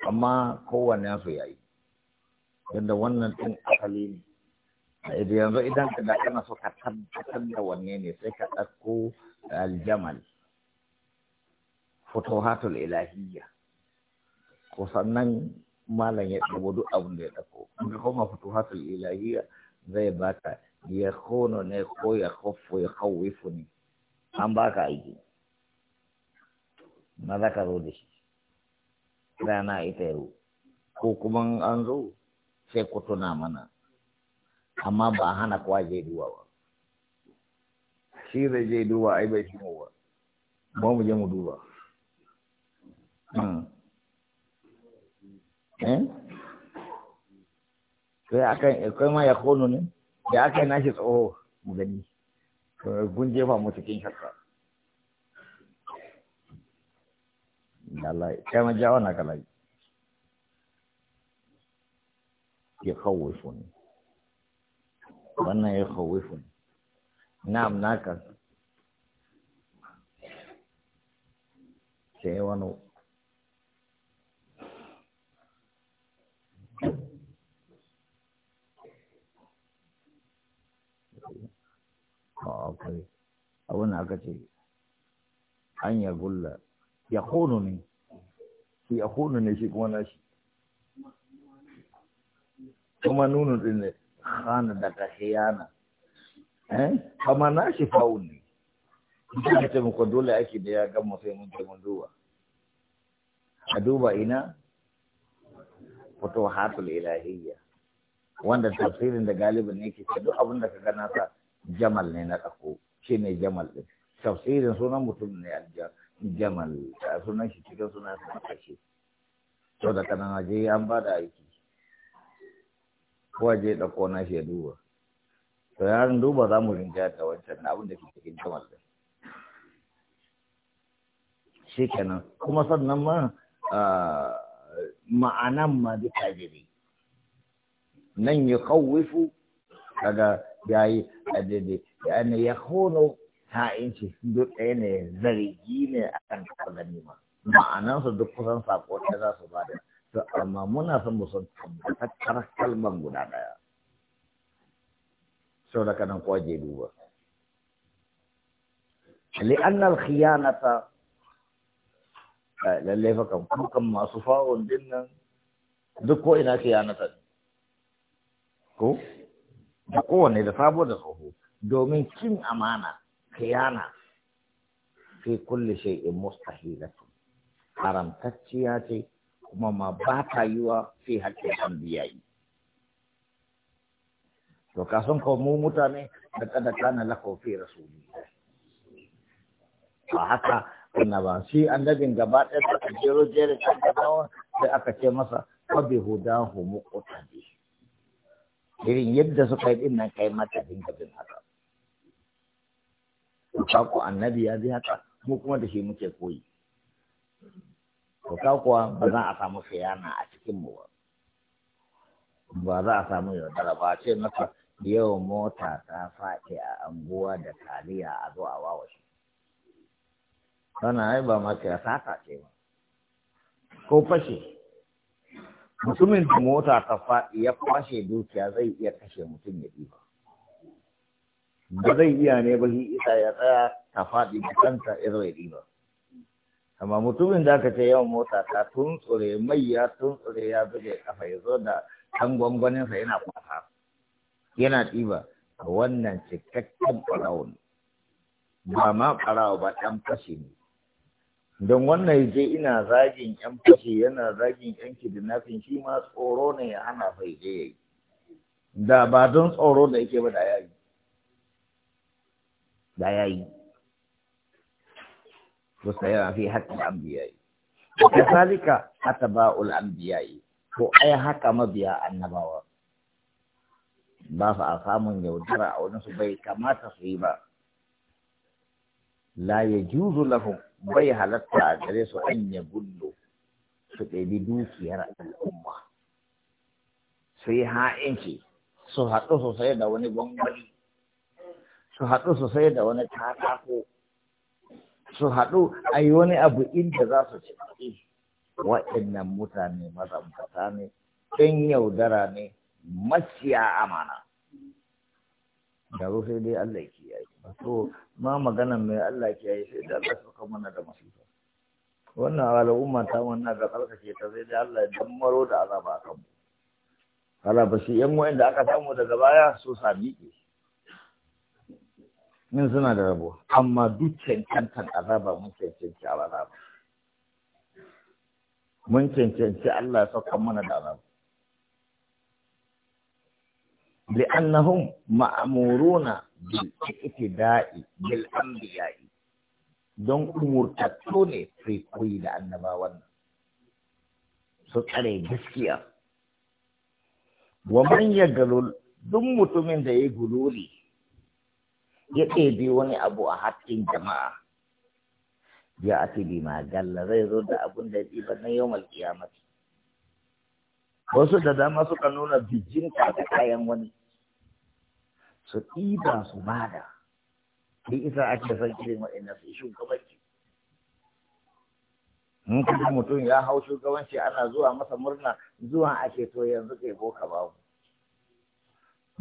amma kowanne ya yi, yadda wannan ɗin asali ne idan yanzu idan ka da kana so ka tabbatar da wanne ne sai ka ɗauko aljamal futuhatul ilahiyya ko sannan malam ya ɗabo duk abin da ya ɗauko in ka koma futuhatul ilahiyya zai baka ya kono ne ko ya khoffu ya khawwifu ne an ba ka aiki na za ka zo da shi rana ita yau ko kuma an zo sai ku tuna mana amma ba a hana kowa zai duwa ba shi da je duwa ai bai shi ba ba mu je mu duba hmm. eh? sai kai ma ya kono ne da aka yi nashi tsoho mu gani kun jefa mu cikin shakka Allah kai ma jawo na kala ya khawifun wannan ya khawifun na'am naka sai wani akwai abin da aka ce an ya gulla ya kono ne shi ya kono ne shi kuma nashi kuma nunu din ne hana da kahiyana eh kama nashi faun ne ita ka ce muku dole ake da ya gama sai mun je mun duba a duba ina fito hatul ilahiyya wanda tafsirin da galibin ne ke duk abin da ka gana sa jamal ne na ɗako shi ne jamal ɗin tafsirin sunan mutum ne jamal sunan shi cikin sunan sa kashe to da kana je an ba da aiki kowa je ɗako na shi ya duba to yaran duba za mu rinja da wancan na abin da ke cikin jamal ɗin shi kenan kuma sannan ma ma'anan ma duka jiri nan ya kawwifu daga ya yi a daidai ya ne ya hono ha'inci duk ɗaya ne zargi ne a kan kasar ganima su duk kusan sako ta za su bada to amma muna son mu san tabbatar kalmar guda ɗaya sau da kanan kwaje duba li'anna al-khiyanata eh, lalle fa kan kukan masu fa'on dinnan duk ko ina khiyanata ko da kowanne da sabo da tsoho domin cin amana kiyana fi kulli shay'in mustahilatu haramtacciya ce kuma ma ba ta yiwa fi biya yi to ka sun kawo mutane da kada kana lako fi rasulillah ba haka ina ba shi annabin gaba ɗaya da jero jere kan da sai aka ce masa fa bi hudahu muqtadi irin yadda suka yi din kai mata ka bin haka ka ku annabi ya bi haka mu kuma da shi muke koyi to ka kuwa ba za a samu siyana a cikin mu ba ba za a samu yaudara ba ce maka yau mota ta faɗi a anguwa da taliya a zo a wawa shi wannan yi ba ma ce ta ce ba ko fashe mutumin da mota ta faɗi ya kwashe dukiya zai iya kashe mutum ya ɗiba ba zai iya ne ba isa ya tsaya ta faɗi da kanta ya zai ɗiba amma mutumin da aka ce yawan mota ta tuntsure mai ya tuntsure ya buge kafa ya zo da kan gwangwaninsa yana kwasa yana ɗiba a wannan cikakken ɓarawo ne ba ma ɓarawo ba ɗan fashe ne don wannan je ina zagin yan fashe yana zagin yan kidnapping shi ma tsoro ne ya hana bai je yayi da ba don tsoro da yake ba da yayi da yayi وسيرى في حق الأنبياء وكذلك أتباع ko ai haka mabiya annabawa ba su a samun yaudara a wani su bai kamata su yi ba la juzu lahum bai halatta a gare su an ya gullo su ɗabi dukiyar al'umma Sai yi ha'inci su haɗu sosai da wani gwangwani su haɗu sosai da wani katako su haɗu a yi wani abu inda za su ci kuɗi waɗannan mutane mazambata ne ɗan yaudara ne maciya amana garo sai dai Allah ke yi ba. to ma magana mai Allah ke yi sai da Allah suka mana da masifa wannan al'umma ta wannan da tsarkake ta sai dai Allah ya maro da azaba a kanmu kala ba shi yan da aka samu daga baya so sami ke min suna da rabo amma duk cancantan azaba mun cancanci ba, mun cancanci Allah ya sauka mana da azaba لأنهم مأمورون بالاقتداء بالأنبياء don umurtattu ne sai koyi da annabawan su tsare gaskiya wa man ya duk mutumin da ya gululi ya ɗebi wani abu a haƙƙin jama'a ya ati bi magalla zai zo da abun da ya ɗiba na yau malkiyamati wasu da dama suka nuna bijinta da kayan wani su ɗiba su bada sai isa ake son irin waɗannan su shugabanci in kuma mutum ya hau shugabanci ana zuwa masa murna zuwa ake to yanzu kai boka babu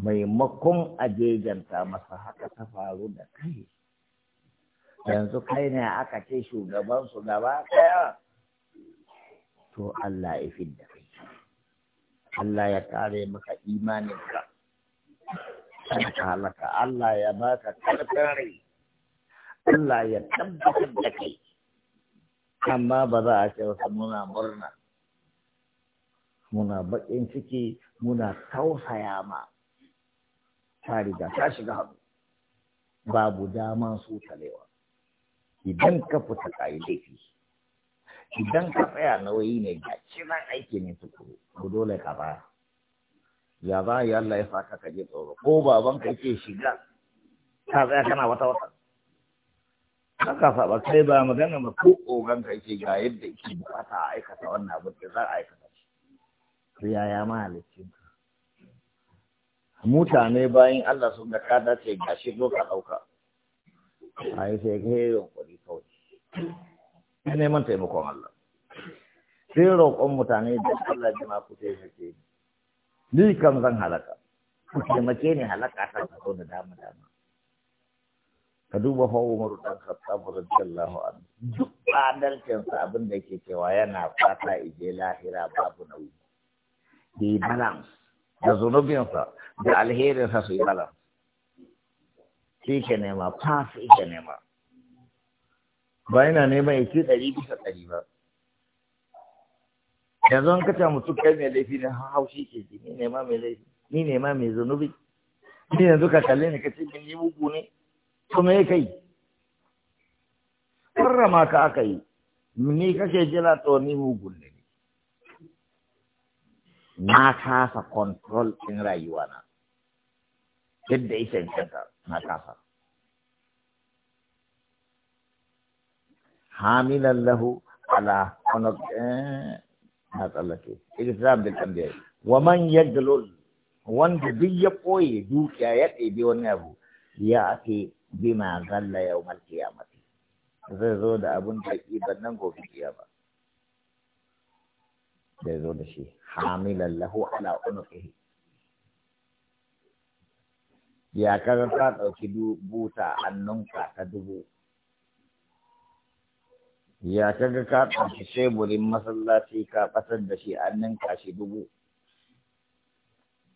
maimakon a masa haka ta faru da kai yanzu kai ne aka ce shugaban su gaba ɗaya to Allah ya fidda kai Allah ya kare maka imaninka kada ka halaka Allah ya baka karfin rai Allah ya tabbatar da kai amma ba za a ce wasu muna murna muna baƙin ciki muna tausaya ma ta riga ta shiga hannu babu daman su talewa idan ka fita kayi laifi idan ka tsaya nauyi ne ga cinan aiki ne tukuru ko dole ka bara ya za ya Allah ya saka ka je tsoro ko baban ka yake shiga ka tsaya kana wata wata haka saba kai ba magana ba ko ogan ka yake ga yadda yake bukata a aikata wannan abin da za a aikata shi yaya ma halicci mutane bayan Allah sun ga ka dace gashi zo ka dauka a yi sai kai yunkuri kawai neman taimakon Allah sai roƙon mutane da Allah jima ku sai ni ni kan zan halaka ku taimake ni halaka ta zo da dama dama ka duba fa Umar dan Khattab radiyallahu anhu duk adalcin sa abin da yake cewa yana fata ije lahira babu nauyi yi balance da sa da alherinsa su yi balance shi ke nema fa shi ke nema ba yana nema ya ci ɗari bisa ɗari ba yanzu an kace mutum kai mai laifi ne haushi ke ji ni ne ma mai laifi ni ne ma mai zunubi ni yanzu ka kalle ni kace min ni mugu ne to me kai karrama ka aka yi ni kake jira to ni mugu ne na kasa control din rayuwa na yadda ya cancanta na kasa hamilan lahu ala Allah ke ilzam bil anbiya wa man yadlul wanda duk ya koye dukiya ya ɗebe wani abu ya ake bima galla yawmal qiyamati zai zo da abun da ke bannan gobe kiyama zai zo da shi hamilan lahu ala unuqihi ya kaga ta ɗauki buta annunka ta dubu ya kaga ka ɗauki sheburin masallaci ka ɓatar da shi an ninka shi dubu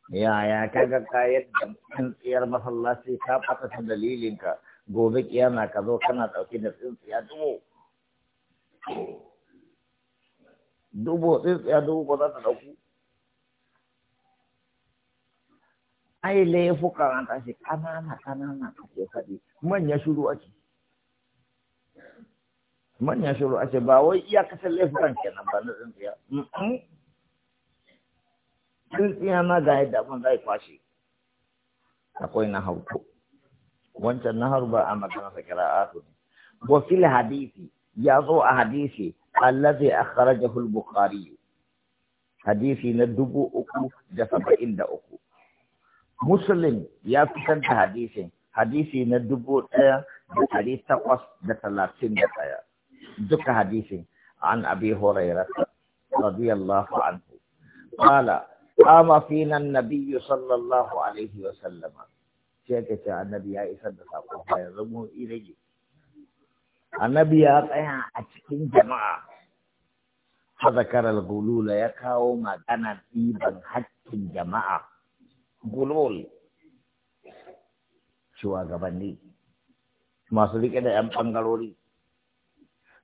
yaya kaga ka yadda tsintsiyar masallaci ka ɓata ta dalilinka gobe kiyama ka zo kana ɗauki da tsintsiya dubu dubu tsintsiya dubu ko za ta ɗauku ai laifukan an tashi ƙanana ƙanana kake faɗi manya shuru ake manyan shiru a ce ba wai iyakacin laifukan kenan ba na tsintsiya tsintsiya na ga yadda abin zai kwashe akwai na hauko wancan na haru ba a magana sa ne wa fil hadisi ya zo a hadisi allazi akhrajahu al-bukhari hadisi na dubu uku da saba'in da uku muslim ya fitar da hadisin hadisi na dubu ɗaya da ɗari takwas da talatin da ɗaya ذكر حديث عن أبي هريرة رضي الله عنه قال قام فينا النبي صلى الله عليه وسلم شيكة النبي يا إسد ساقوها يرمو إليه النبي يا قيا أتكين جماعة فذكر الغلول يكاو ما كان إيبا حق جماعة غلول شو أغبني ما سلك ده أم بنغلوري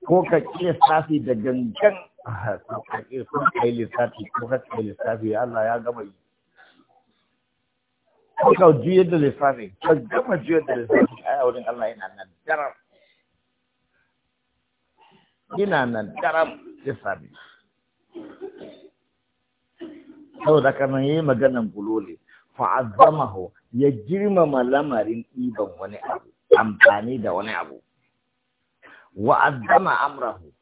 ko ka ƙi safi da gangan a ka ƙi ka yi lissafi ko ka ƙi lissafi Allah ya gama yi ko ka juyar da lissafi ka gama juyar da lissafi a wurin Allah yana nan daram yana nan daram lissafi saboda kana yi maganan gulole fa'azzamahu ya girmama lamarin ɗiban wani abu amfani da wani abu wa addama amrahu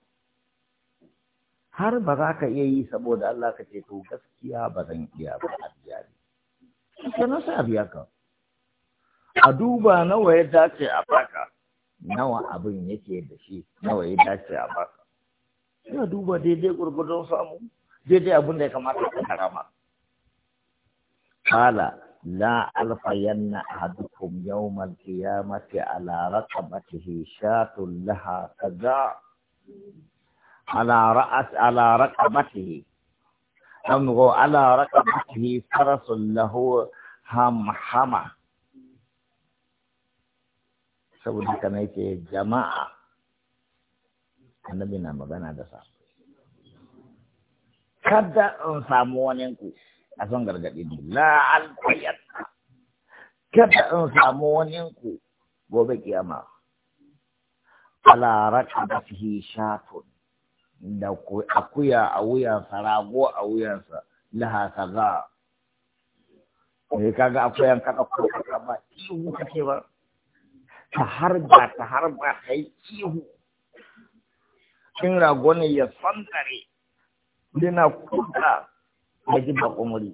har ba za ka iya yi saboda Allah ka ce to gaskiya ba zan iya ba a biya ne ka nasa a biya ka a duba nawa ya dace a baka nawa abin yake da shi nawa ya dace a baka Ina duba daidai gurgurdon samu daidai abin da ya kamata ka karama kala لا ألقين أحدكم يوم القيامة على رقبته شاة لها كذا على رأس على رقبته أمغو على رقبته فرس له هم حما haka na جماعة النبي نعم بنا magana كذا أنصاموا kada a son gargaɗi ne la'al kada in samu wani ku gobe kiyama ala fi shafin da akuya a wuyansa rago a wuyansa laha kaza kai eh, kaga akuyan ka dauko ka ba ihu kake ba ta harba ta harba kai ihu in rago ne ya santare yana kuka ya ji ba kumuri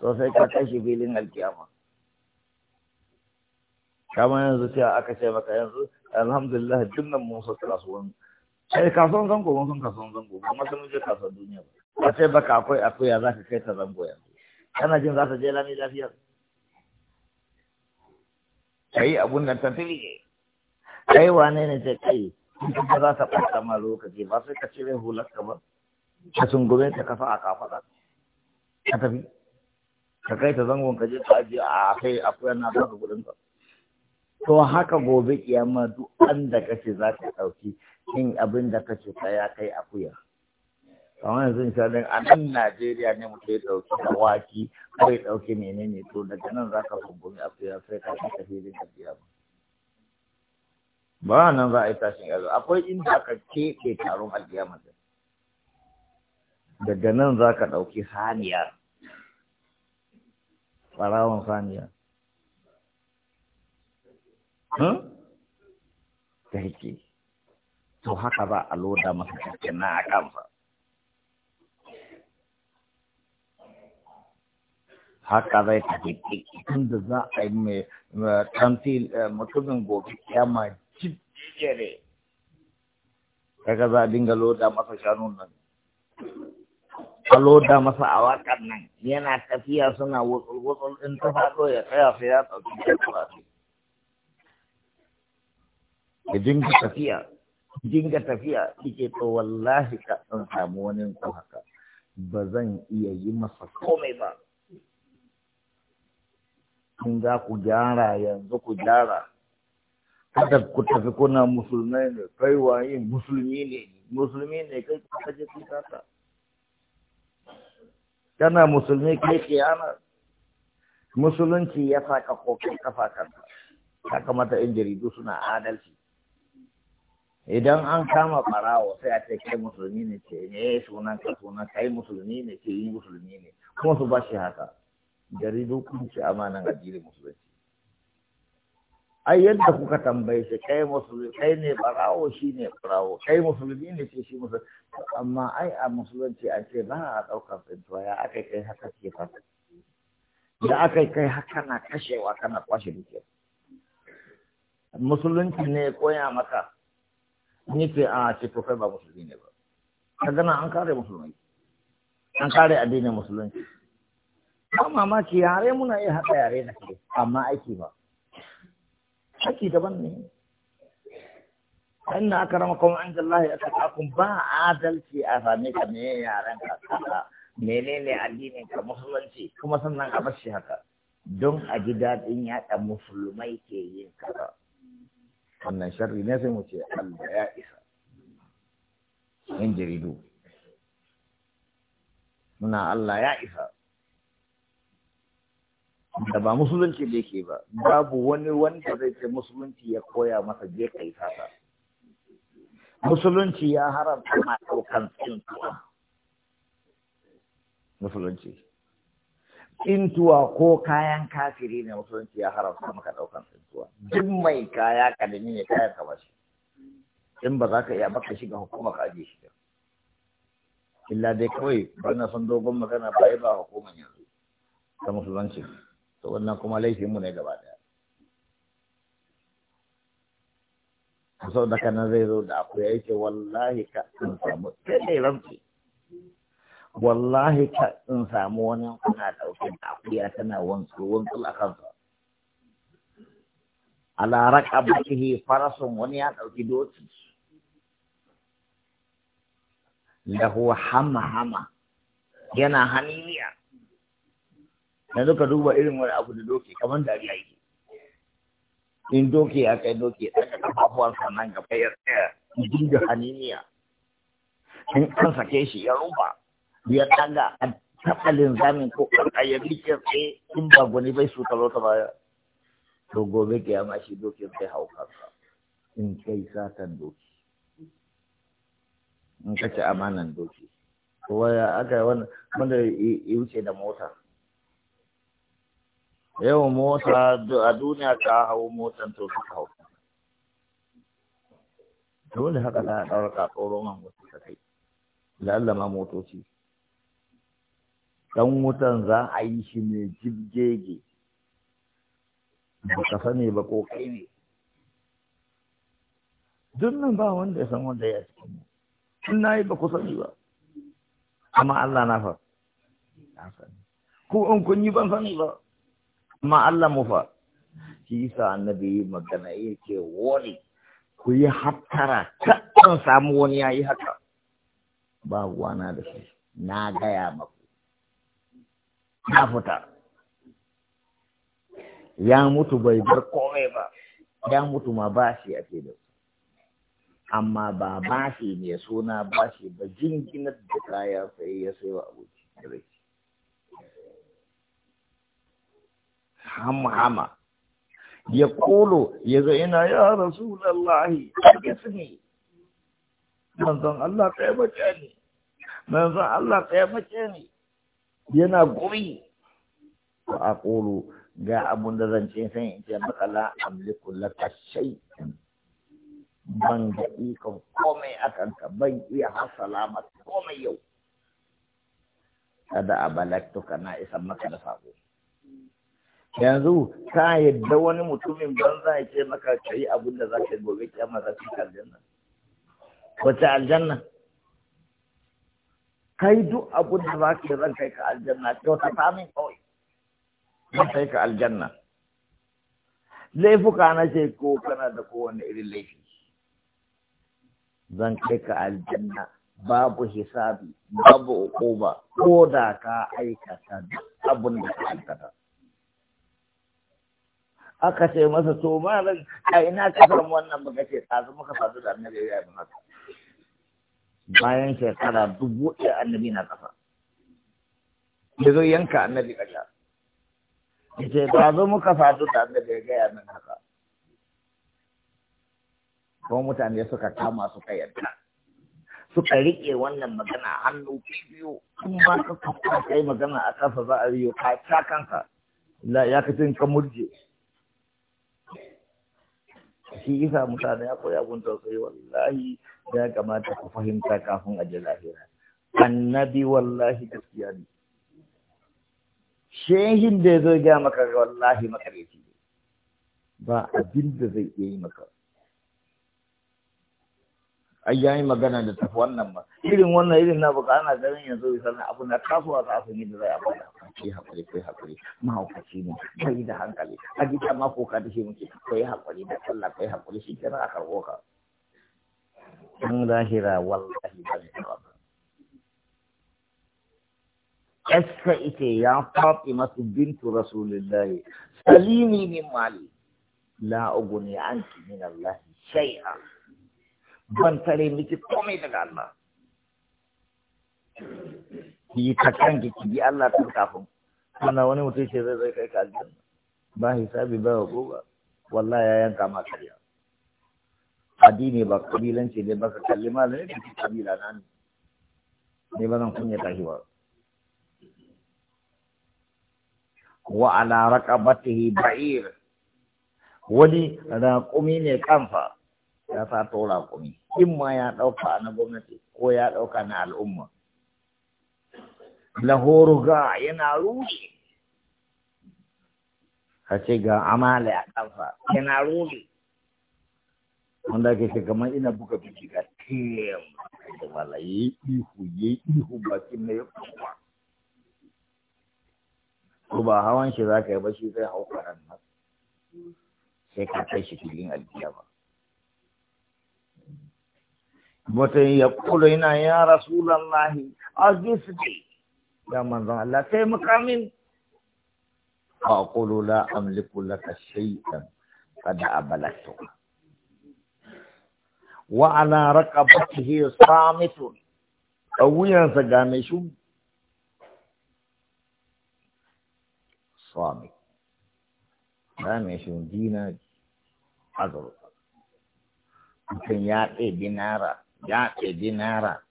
to sai ka kashi filin alkiyama kama yanzu sai aka ce maka yanzu alhamdulillah dinnan mun so kasuwan sai kasuwan zango mun ka son zango ba ma san je son duniya ba a ce baka akwai akuya za ka kai ta zango yanzu kana jin za ta je lami lafiya yi abun nan tafili ne kai wane ne ce kai ba za ta ɓata ma lokaci ba sai ka cire hular ka ba ka sungume ta kafa a kafaɗa ka tafi ka kai ta zangon ka je ka aji a kai a akwai na ta gudun ka to haka gobe kiyama duk an da kace za ka ɗauki in abin da kace ka ya kai akuya kamar yanzu misalin a nan Najeriya ne mutum ya ɗauki waki ko ya ɗauki menene to daga nan za ka a akuya sai ka fi filin tafiya ba. Ba nan za a yi tashin yanzu akwai inda aka keke taron alƙiyama da daga nan za ka ɗauki saniya ɓarawon saniya hmm? ta yake to haka za a loda masa cikin na a kansa haka zai tafi tun da za a yi mai tamfi eh, mutumin gobe ma jijjere kaga za a dinga loda masa shanun nan a da masa a wakan nan yana tafiya suna wutsul-wutsul in ta faɗo ya tsaya sai ya tsaki da kurafi dinga tafiya dinga tafiya ike to wallahi ka ɗan samu wani ko haka ba zan iya yi masa komai ba Kun za ku gyara yanzu ku gyara kada ku tafi kuna musulmai ne kai yin musulmi ne musulmi ne kai ka je kuka kana musulmi kai kiyama musulunci ya saka kokin kafa ka. ya kamata yan jaridu suna adalci idan an kama barawo sai a ce kai musulmi ne ce ne sunan ka sunan kai musulmi ne ce yi musulmi ne kuma su ba shi haka jaridu kun ci amanan addinin musulunci ai yadda kuka tambaye shi kai musulmi kai ne barawo shi ne barawo kai musulmi ne ce shi musulmi amma ai a musulunci an ce ba a ɗaukar tsintuwa ya aka kai haka ke fata da aka kai haka na kashewa kana kwashe duke. musulunci ne koya maka ni ce a ce to kai ba musulmi ne ba ka gana an kare musulmi an kare addinin musulunci ba mamaki yare muna iya haka yare na ke amma aiki ba haƙi daban ne aka rama kuma inda Allah ya saka kun ba adalci a same ka ne yaran ka kaza menene addinin ka musulunci kuma sannan a bar shi haka don a ji daɗin yaɗa musulmai ke yin kaza wannan sharri ne sai mu ce Allah ya isa in jaridu muna Allah ya isa da ba musulunci da yake ba babu wani wanda zai ce musulunci ya koya masa je kai sata musulunci ya haramta ma ɗaukan tsintuwa musulunci tsintuwa ko kayan kafiri ne musulunci ya haramta maka ɗaukan tsintuwa duk mai kaya kalimi ne kayan ka bashi in ba za ka iya baka shiga hukuma ka ajiye shiga illa dai kawai bana son dogon magana ba ba hukuman yanzu ta musulunci to wannan kuma laifinmu ne gaba daya sau da kanan zai zo da akwai aiki wallahi ka in samu sai ramfi wallahi ka in samu wani kuna ɗauke da akuya tana wanzu wanzu a kansa a laraka bakihi farasun wani ya ɗauki doki lahu hama hama yana haniliya yanzu ka duba irin wani abu da doke kamar ya yi in doke ya kai doke ya ɗaga kafafuwan sannan gaba ya tsaya jin da haniniya in an sake shi ya ruba ya ɗaga a taɓalin zamin ko a ya rike tsaye in ba gwani bai su talo ta baya to gobe ya mashi doke sai hau kansa in kai satan doke in kace amanan doke? kowa ya aka wanda ya wuce da mota yau mota a duniya ka hau motan to suka hau dole haka za a ɗaura ka tsoro man wasu ta kai ma motoci ɗan wutan za a yi shi ne jibgege ba ka sani ba ko kai ne duk nan ba wanda ya san wanda ya cikin mu in na yi ba ku sani ba amma Allah na fa ko in kun yi ban sani ba amma Allah mu fa shi sa annabi magana yake wani ku yi hattara kan samu wani ya yi haka ba wana da shi na gaya maku na fita ya mutu bai bar komai ba ya mutu ma ba bashi ake da amma ba bashi ne suna bashi ba jinginar da kaya sai ya sai wa aboki da rai hamhama ya kolo ya zo ina ya rasulallahi ne. manzon Allah mace ne manzon Allah mace ni yana guri ba a kolo ga abun da zan ce sai in ce maka la amliku laka ban ga ikon komai akan ka ban iya hasala maka komai yau kada a balaktuka na isa maka da sako yanzu ka yadda wani mutumin banza ya ce maka ka yi abin da za ka yi gobe kyamma za ka yi aljanna wace aljanna kai duk abin da za ka yi zan kai ka aljanna kyauta ta min kawai zan kai ka aljanna laifuka na ce ko kana da kowane irin laifi zan kai ka aljanna babu hisabi babu ukuba ko da ka aikata duk abin da ka aikata aka ce masa to malam a ina ka samu wannan baka ce zama muka sadu da annabi ya yi haka bayan shekara dubu ɗaya annabi na ƙasa ya zo yanka annabi ƙasa ya ce tsazu muka sadu da annabi ya gaya min haka kuma mutane suka kama suka su suka riƙe wannan magana hannu biyu in ba ka kai magana a kafa za a yi ka kanka ya kacin ka murje shi isa mutane koya abun tausayi wallahi ya kamata ku fahimta kafin a je lahira annabi wallahi gaskiya ne shehin da ya zo ga maka wallahi maka ba abin da zai iya yi maka ai ya yi magana da tafi wannan ba irin wannan irin na buka ana ganin yanzu na abu na kasuwa za su yi da zai abu da kai hakuri kai hakuri mahaukaci ne kai da hankali a gida ma ko ka shi muke kai hakuri da Allah kai hankali shi kenan a karbo ka an zahira wallahi ba ne ba Esta ite ya masu bintu rasulullahi salimi min mali la uguni anki min Allah shay'a ban tare miki komai daga Allah ki yi takan ki ki Allah tun kafin kana wani mutum ce zai zai kai ka aljanna ba hisabi ba ko ba wallahi ya yanka ma karya. addini ba kabilanci ne ba ka kalli malami da ke kabila na ne ne ba zan kunya tashi ba wa ala raqabatihi ba'ir wani raƙumi ne kanfa ya sa tora raƙumi in ya ɗauka na gwamnati ko ya ɗauka na al'umma ga yana rushe ka ce ga amala a ƙafa yana rushe wanda ke ce kamar ina buga ga tem da wala ya ihu ya ihu bakin na ya kuma ko ba hawan shi za ka yi ba shi zai hau karan nan sai ka kai shi filin aljiya ba mutum ya kula yana ya rasulallahi azizki ya manzon Allah sai mukamin fa aqulu la amliku laka shay'an qad abalatuka wa ala raqabatihi samitun awuyansa ga mai shu samit ga mai shu dinari azurfa mutum ya ɗebi nara ya ɗebi naira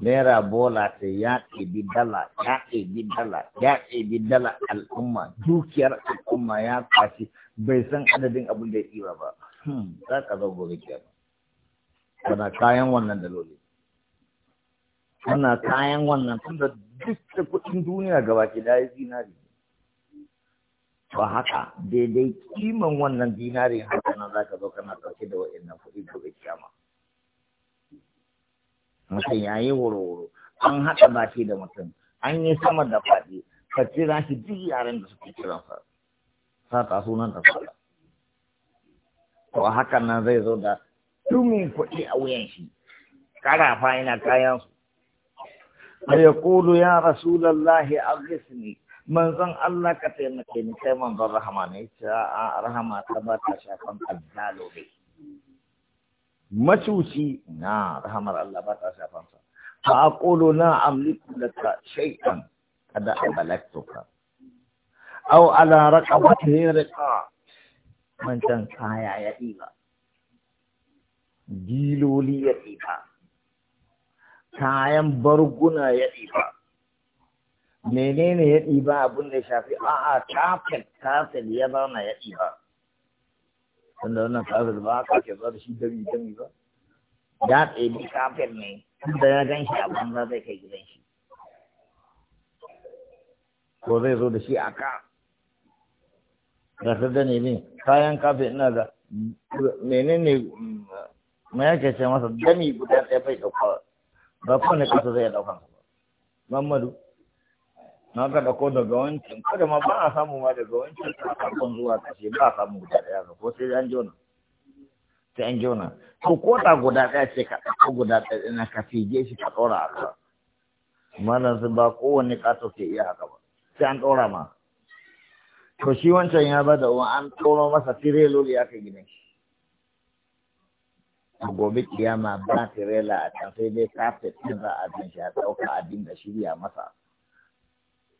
naira bola ta ya ɗebi dala ya ɗebi dala ya ɗebi dala al'umma dukiyar al'umma ya kwashi bai san adadin abin da ya ɗiba ba hmm, za ka zo gobe kenan kana kayan wannan daloli kana kayan wannan tunda duk da kudin duniya gaba ki da dinari, ba haka daidai kiman wannan dinari haka nan za ka zo kana ɗauke da wa'annan kuɗi gobe kyama mutum ya yi wuro-wuro an haɗa baki da mutum an yi sama da faɗi ka kira shi duk yaren da suke kiransa sata sunan da fara to hakan nan zai zo da dumin kuɗi a wuyan shi karafa yana kayan su a ya kulu ya rasulallahi aghisni manzon Allah ka taimake ni kai manzon rahama ne a rahama ta ba ta shafan azzalo ne macuci na rahamar Allah ba ta shafansa fa aqulu la amliku laka shay'an qad abalaktuka aw ala raqabatihi riqa man tan kaya ya diba diloli ya diba kayan barguna ya diba menene ya diba abun da shafi a'a kafin kafin ya zauna ya diba tunda wannan kafin ba ka ke zuwa da shi gami gami ba ya tsaye kafin ne tunda ya gan shi a banza zai kai gidan shi ko zai zo da shi a ka da da nemi kayan kafin ina da menene ma yake ce masa dami guda ɗaya bai ɗauka ba kowane ƙasa zai ɗauka ba Mamadu. na ka ɗauko daga wancan kada ma ba a samu ma daga wancan a farkon zuwa ƙarshe ba a samu guda ɗaya ba ko sai an jona sai an jona to kota guda ɗaya ce ka ɗauko guda ɗaya ɗina ka fige shi ka ɗora a ka malam su ba kowanne ƙato ke iya haka ba sai an ɗora ma to shi wancan ya ba da uwa an ɗora masa tireloli aka gidan shi a gobe kiyama ba tirela a can sai dai kafet ɗin za a bin shi a ɗauka a dinga shirya masa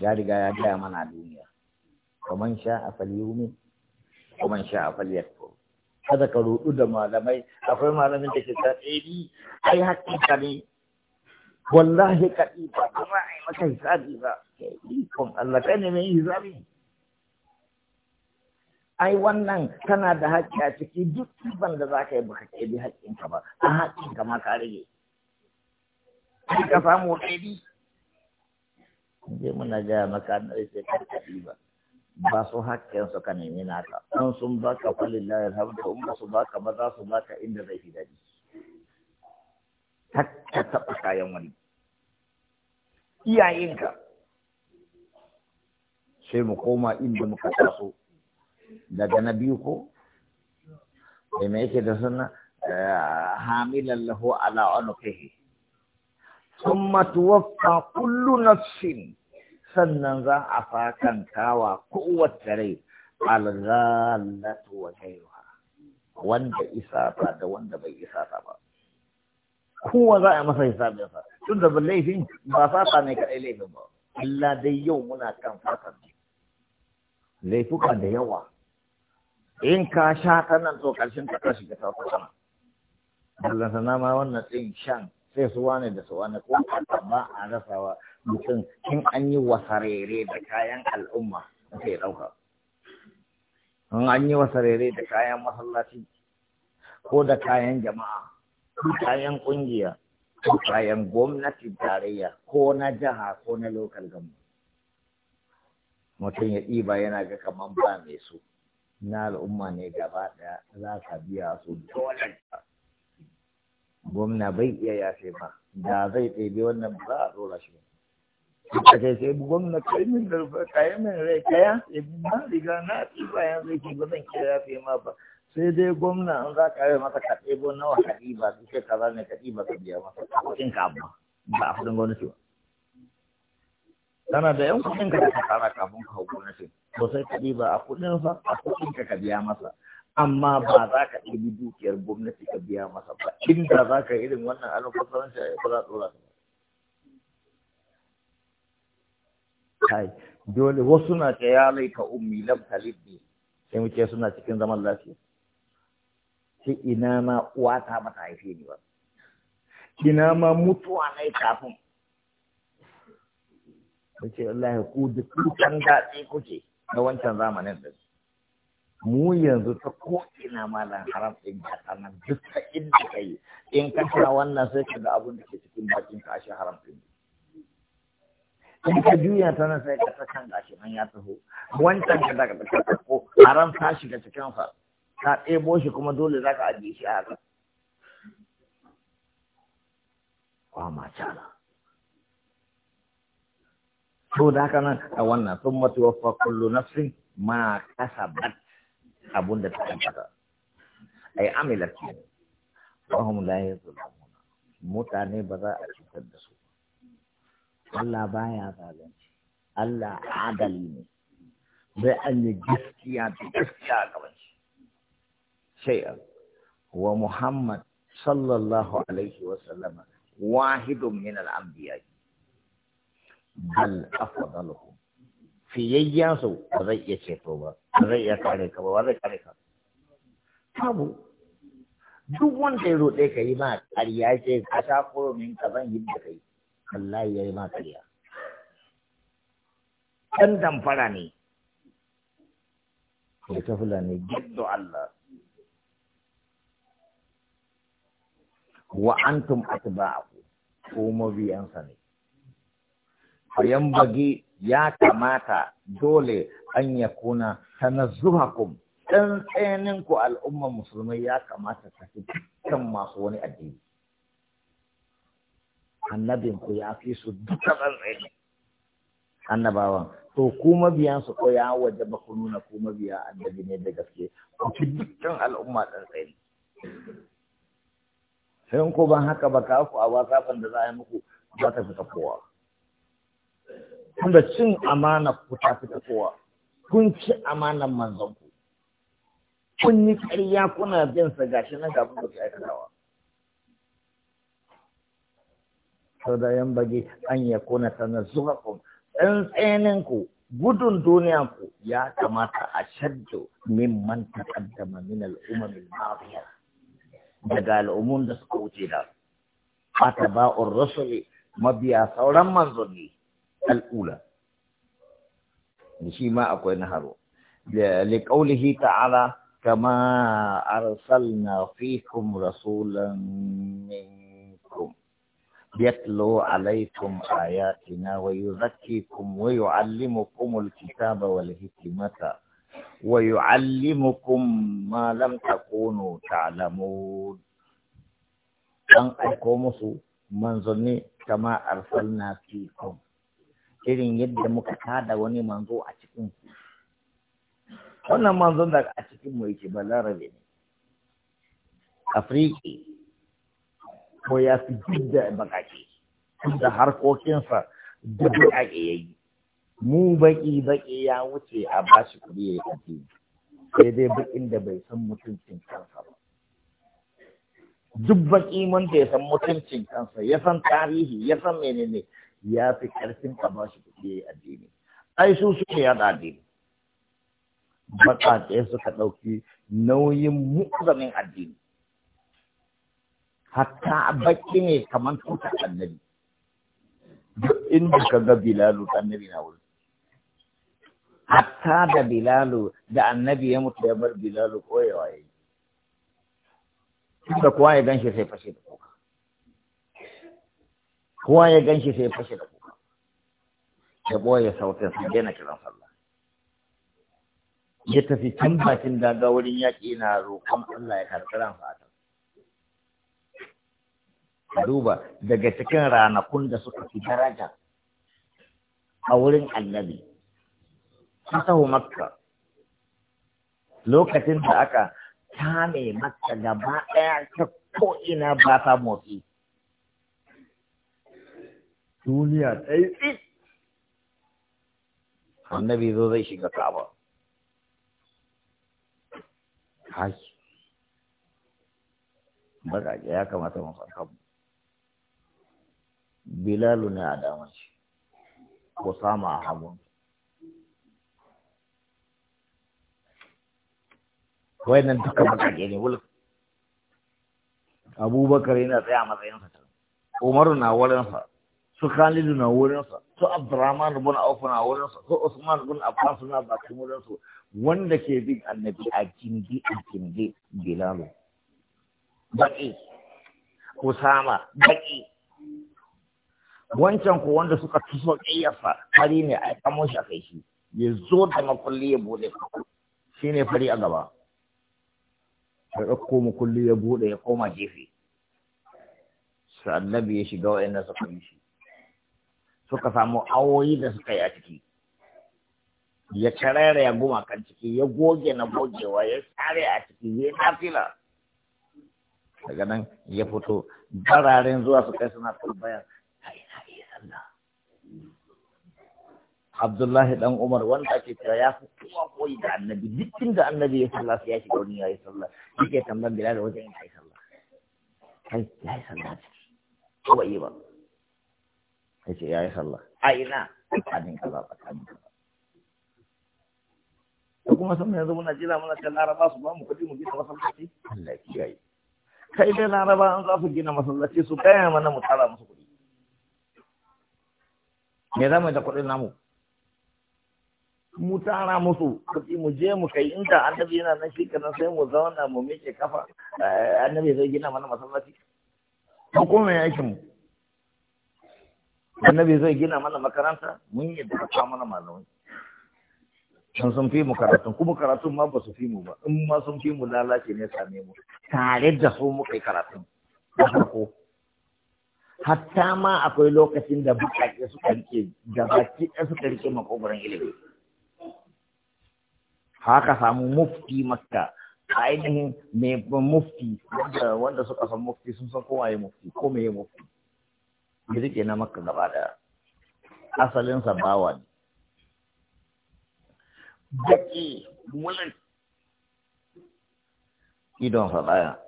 ya riga ya gaya mana duniya kaman sha a falyumi kaman sha a ko? kada ka rudu da malamai akwai malamin da ke ta tsiri eh, ai ka ne wallahi ka ba ba kuma a yi maka hisabi ba ikon Allah kai ne mai hisabi ai wannan kana da haƙƙi a ciki duk ban da za ka yi baka kebi haƙƙinka ba a haƙƙinka ma ka rage ka samu kai je muna gaya maka annabi sai ka kaɗi ba ba su hakken su ka nemi naka An sun baka falillahi alhamdu in ba su baka ba za su baka inda zai fi daɗi ka taɓa kayan wani iyayenka sai mu koma inda muka taso daga na biyu ko sai me yake da suna eh, hamilan lahu ala unuqihi ثم توفى kullu nafsin sannan za a fakan kawa kowace rai alzallatuwa wa ghayruha wanda isa ta da wanda bai isa ta ba kowa za a masa hisabin sa tun da ba laifin ba fata ne kaɗai laifin ba illa dai yau muna kan fatan laifuka da yawa in ka sha ta nan to ƙarshen ta ka ta wata Allah sana ma wannan tsin shan sai su wane da su wane ko ba a rasawa mutum in an yi wasarere da kayan al'umma sai ɗauka in an yi wasarere da kayan masallaci ko da kayan jama'a ko kayan ƙungiya ko kayan gwamnati tarayya ko na jiha ko na lokal gamu mutum ya ɗiba yana ga kamar ba mai su na al'umma ne gaba ɗaya za ka biya su dole gwamna bai iya yafe ba da zai ɗebe wannan ba a tsora shi ba a kai sai gwamna kai min da kayan min rai kaya ya bi na riga na ɗiba bayan zai ce ba zan iya yafe ma ba sai dai gwamna an za ka yi masa ka ɗebo nawa ka ɗiba su ce kaza ne ka ɗiba ka biya masa a kuɗin ka amma ba a fudin gwamnati ba tana da yan kuɗin ka da ka tsara kafin ka hau gwamnati ko sai ka ɗiba a kuɗin fa a kuɗin ka ka biya masa amma ba za ka ɗirbi dukiyar gwamnati ka biya masa ba inda za ka irin wannan alfasaranci a yau za tsora kai dole wasu na ce ya laika ummi lam talib ne sai muke suna cikin zaman lafiya shi. ina ma uwa ta bata haife ni ba ina ma mutuwa na kafin ce wallahi ku duk kan daɗi kuke na wancan zamanin da mu yanzu ta ko ina malam haram ɗin ya sanar duk ta inda ka yi in ka sa wannan sai ka ga abin da ke cikin bakin ka shi haram ɗin in ka juya ta nan sai ka ta kan shi nan ya taho wancan ka daga ta ko haram ta shiga cikin sa ka ɗebo shi kuma dole za ka ajiye shi a haka kwama cala to da haka nan a wannan sun matuwa fa kullu nafsin ma kasabat abunda da ta aikata ai amila ce wahum la yazlamuna mutane ba za a cutar da su Allah baya zalunci Allah adali ne bai an yi gaskiya da gaskiya ga wani sai wa Muhammad sallallahu alaihi wa sallama wahidun min al-anbiya bal afdaluhu fiyayyansu ba zai iya ceto ba ba zai iya kare ka ba zai kare ka babu duk wanda ya roɗe ka yi ma ƙarya ce ka sha koro min ka zan yi da kai wallahi ya yi ma ƙarya ɗan damfara ne da ta ne, giddo Allah wa antum atba'u ko mabiyansa ne fayan bagi ya kamata dole an ya kuna ta tanazzuhakum ɗan tsayanin ku al'umma musulmai ya kamata ta fi dukkan masu wani addini annabin ku ya fi su duka ɗan tsayanin. annabawan to kuma biya su ya waje ba ku nuna ku mabiya annabi ne da gaske ku fi dukkan al'umma ɗan tsayanin. sai ko ban haka ba ka ku a wasafin da za a yi muku ba ta fi kowa tunda cin amana ku ta fi kowa kun ci amanan manzon ku kun yi ƙarya kuna bin sa gashi nan ga ku ta aikatawa sau da yan bage an ya kona sanar zuwa ku ɗan tsayanin ku gudun duniya ku ya kamata a shaddo min man kaddama min al-umam al daga al'umun da suka wuce da fata ba'ur rasuli mabiya sauran manzanni الأولى نشي ما أقول نهارو لقوله تعالى كما أرسلنا فيكم رسولا منكم يتلو عليكم آياتنا ويذكيكم ويعلمكم الكتاب والحكمة ويعلمكم ما لم تكونوا تعلمون أن من منذني كما أرسلنا فيكم irin yadda muka tada wani manzo a cikin ku wannan manzon da a cikin mu yake ba ne afriki ko ya fi jidda bakake da harkokinsa da bakake yi. mu baki baki ya wuce a bashi kuɗi ya kafi sai dai bakin da bai san mutuncin kansa ba duk baki wanda ya san mutuncin kansa ya san tarihi ya san menene ya fi ƙarfin a ba shi kuɗi yayi addini ai su ne yaɗa addini baƙaƙe suka ɗauki nauyin mu'azamin addini hatta baki ne kamar tutar annabi duk inda ka ga bilalu annabi na wuri hatta da bilalu da annabi ya mutu ya bar bilalu koyawa ya yi tunda kowa ya gan shi sai fashe da kuka kowa ya gan shi sai ya fashe da kuka ya ɓoye sautin sai daina kiran sallah ya tafi can bakin daga wurin yaƙi na roƙon Allah ya karɓi ran fata duba daga cikin ranakun da suka fi daraja a wurin annabi fasahu makka lokacin da aka kame makka gaba ɗaya ta ko'ina ba ta motsi duniya tsaye tsit annabi zo zai shiga kaba Haki. baka ya kamata mu farka bilalu ne a damar shi ko sama a hagun nan duka bakake ne wulf abubakar yana tsaya matsayinsa umaru na walinsa su Khalidu na wurinsa su Abdurrahman bin Auf na wurinsa su Usman bin Affan suna bakin wurinsu wanda ke bin annabi a gindi a kindi Bilal baki Usama baki wancan ko wanda suka tuso ƙiyarsa fari ne a kamo shi a kai shi ya zo da makulli ya bude shi ne fari a gaba ya ɗauko makulli ya bude ya koma gefe sannan ya shiga wa'in na suka shi suka samu awoyi da suka yi a ciki ya karara ya guma kan ciki ya goge na gogewa ya tsare a ciki ya nafila daga nan ya fito bararen zuwa su kai suna tambayar Allah Abdullahi dan Umar wanda ake cewa ya fi kowa koyi da annabi duk inda annabi ya sallah sai ya shiga wani ya yi sallah yake tambayar Bilal wajen ya yi sallah kai ya yi sallah ciki ko yi ba ya ce ya yi sallah a ina tsakanin kaza tsakanin kaza da kuma sun yanzu muna jira muna kan laraba su ba mu kudi mu gina masallaci Allah kiyaye kai dai laraba an za su gina masallaci su kai mana mu tara musu kuɗi me za mu da kudin namu mu tara musu kudi mu je mu kai inda annabi yana nan shi kana sai mu zauna mu miƙe kafa eh, annabi zai gina mana masallaci ko kuma ya aikin mu annabi zai gina mana makaranta mun yi da ka mana malamai can sun fi mu karatun kuma karatun ma ba su fi mu ba in ma sun fi mu lalace ne same mu tare da su muka yi karatun da farko hatta ma akwai lokacin da bukaƙe suka rike da baki ɗaya suka rike makogoron ilimi haka samu mufti makka ainihin mai mufti wanda suka san mufti sun san kowa ya mufti ko mai mufti ya rike na maka gaba da asalinsa sa ne baki idon sa baya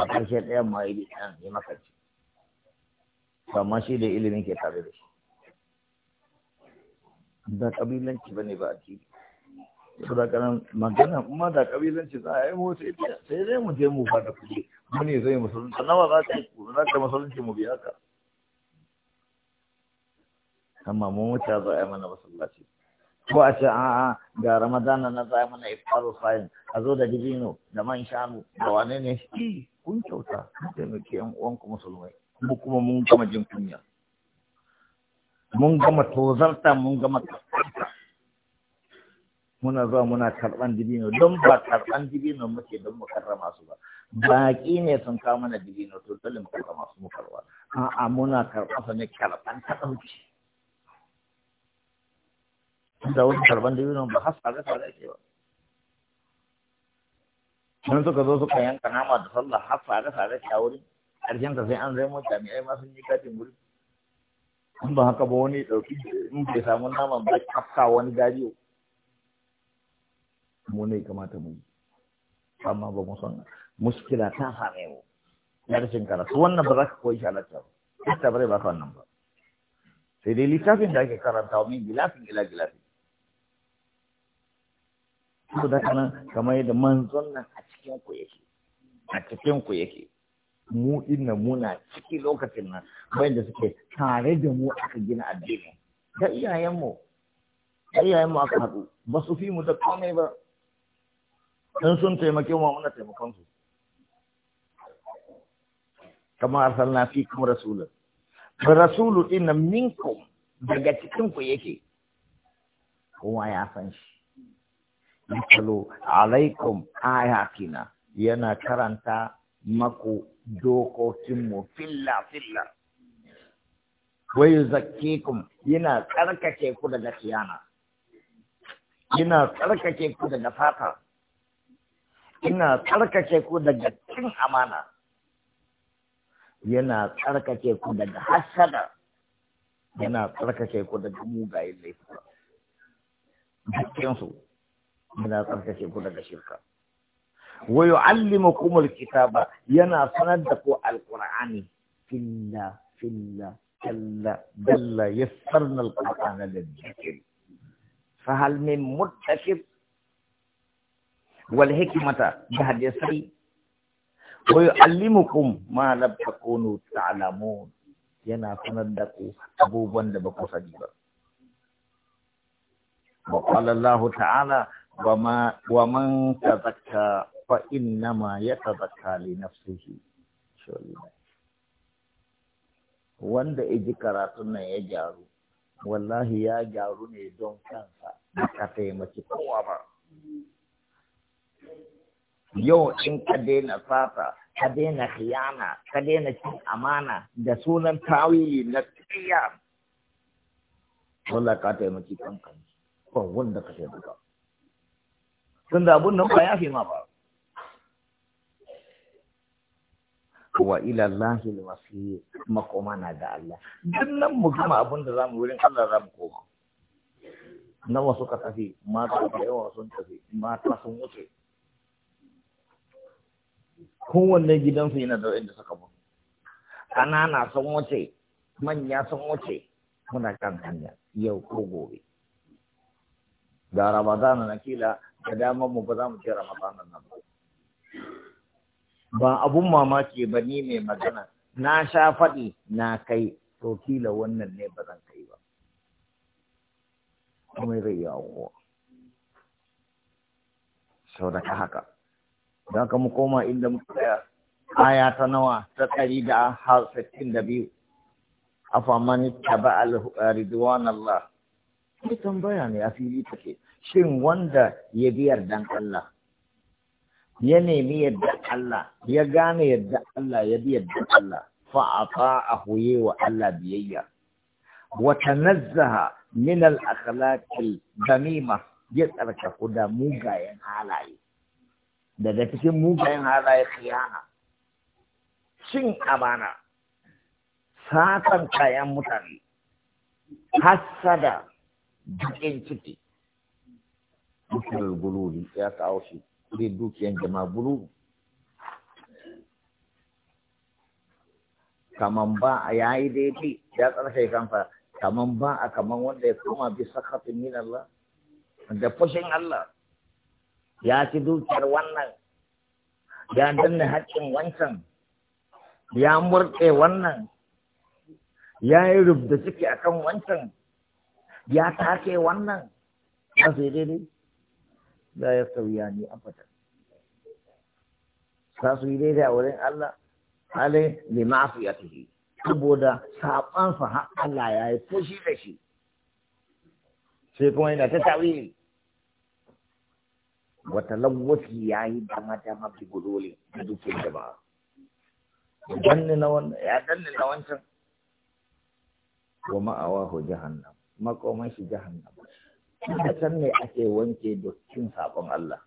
a ƙarshe ɗaya ma yi ɗan yi maka ci amma shi da ilimin ke tare da shi da ƙabilanci ba ne ba a cikin saboda kanan magana kuma da kabilanci za a yi mu sai sai dai mu je mu fada kuɗi mu ne zai musulunci nawa za ka za ka musulunci mu biya ka amma mu mutu za a yi mana masallaci ko a ce a'a ga ramadana na za a yi mana iftaru sayin a zo da dibino da man shanu da wane ne shi kun kyauta mun taimake yan uwanku musulmai mu kuma mun gama jin kunya mun gama tozarta mun gama tozarta muna zuwa muna karɓan dibino don ba karɓan dibino muke don mu karrama su ba baƙi ne sun kawo mana dibino to dole mu karrama su mu karɓa a'a muna karɓa sa ne karɓan ta ɗauki da wani karɓan dibino ba har tsare tsare ke ba sun suka zo suka yanka nama da sallah har tsare tsare ce a wurin ƙarshen ka sai an zai mu jami'ai ma sun yi katin wuri in ba haka ba wani ɗauki in bai samu naman ba kafka wani gariyo mu ne kamata mu yi amma ba mu san muskila ta same mu na rashin karatu wannan ba za ka koyi shi halatta ba ita bare ba ka wannan ba sai dai littafin da ake karanta min gilafin ila gilafin ko da kana kamar yadda manzon nan a cikin ku yake a cikin ku yake mu inna muna ciki lokacin nan bayan da suke tare da mu aka gina addini da iyayenmu da iyayenmu aka haɗu ba su fi mu da komai ba in sun taimake mu muna taimakon su kama arsalna fi kuma rasulun rasulu inna minkum daga cikin ku yake kowa ya san shi yatlu alaikum ayatina yana karanta maku mu filla filla wa yuzakkikum yana tsarkake ku daga tiyana yana tsarkake ku daga fata ina tsarkake ku daga cin amana yana tsarkake ku daga hasada yana tsarkake ku daga mugayen laifuka dukkansu yana tsarkake ku daga shirka wa yu'allimukum kitaba? yana sanar da ku alqur'ani filla filla kalla dalla yassarna alqur'ana lidhikri fa hal min muttakib wal hikmata da hadisai wa yu'allimukum ma lam takunu ta'lamun yana sanar da ku abubuwan da ba ku sani ba wa qala Allah ta'ala wa ma wa man tazakka fa ma yatazakka li nafsihi wanda ya ji karatun nan ya gyaru wallahi ya gyaru ne don kansa ba ka taimaki kowa ba yau in ka daina fata ka daina khiyana ka daina cin amana da sunan tawili na tsiya wanda ka taimaki kanka ba wanda ka taimaka tun da abun nan ba ya fi ma ba wa ila Allahi al-masir makoma na da Allah duk nan mu gama abun da zamu wurin Allah zamu koma nawa suka tafi mata da yawa sun tafi mata sun wuce kowanne gidansu yana da wanda suka mutu ƙanana sun wuce manya sun wuce muna kan hanya yau ko gobe ga ramadana na kila da damar mu ba za mu ce ramadana nan ba ba abun mamaki ba ni mai magana na sha faɗi na kai to kila wannan ne ba zan kai ba kuma zai yi aukuwa sau da ka haka Da ka mu koma inda muka tsaya aya ta nawa ta ɗari da har sittin da biyu afaman taba eh, ridwan Allah ni tambaya ne a fili take shin wanda ya bi yardan Allah ya nemi yadda Allah ya gane yadda Allah ya bi yadda Allah fa a huye wa Allah biyayya Wata nazaha, min al-akhlaq damima ya tsarkaku da mugayen halaye daga cikin mugayen halaye khiyana cin amana satan kayan mutane hassada jikin ciki dukkanin gululi ya kawo shi zai dukiyan jama'a gululi kaman ba a yayi daidai ya tsarkai kansa kaman ba a kaman wanda ya koma bi sakatin min Allah da fushin Allah ya ci dukiyar wannan ya danna haƙƙin wancan ya murɗe wannan ya yi rubda ciki akan wancan ya take wannan ya sai daidai da ya sauya ni fata, za su yi daidai a wurin Allah ne limafi ya tafi saboda saɓansa Allah ya yi fushi da shi sai kuma yana ta tawili wata lagwafi ya yi dama dama bi gudole da duke jama'a danne na wannan ya danne na wancan wa ma'awahu jahannam makoman shi jahannam ina can ne ake wanke dukkin saƙon Allah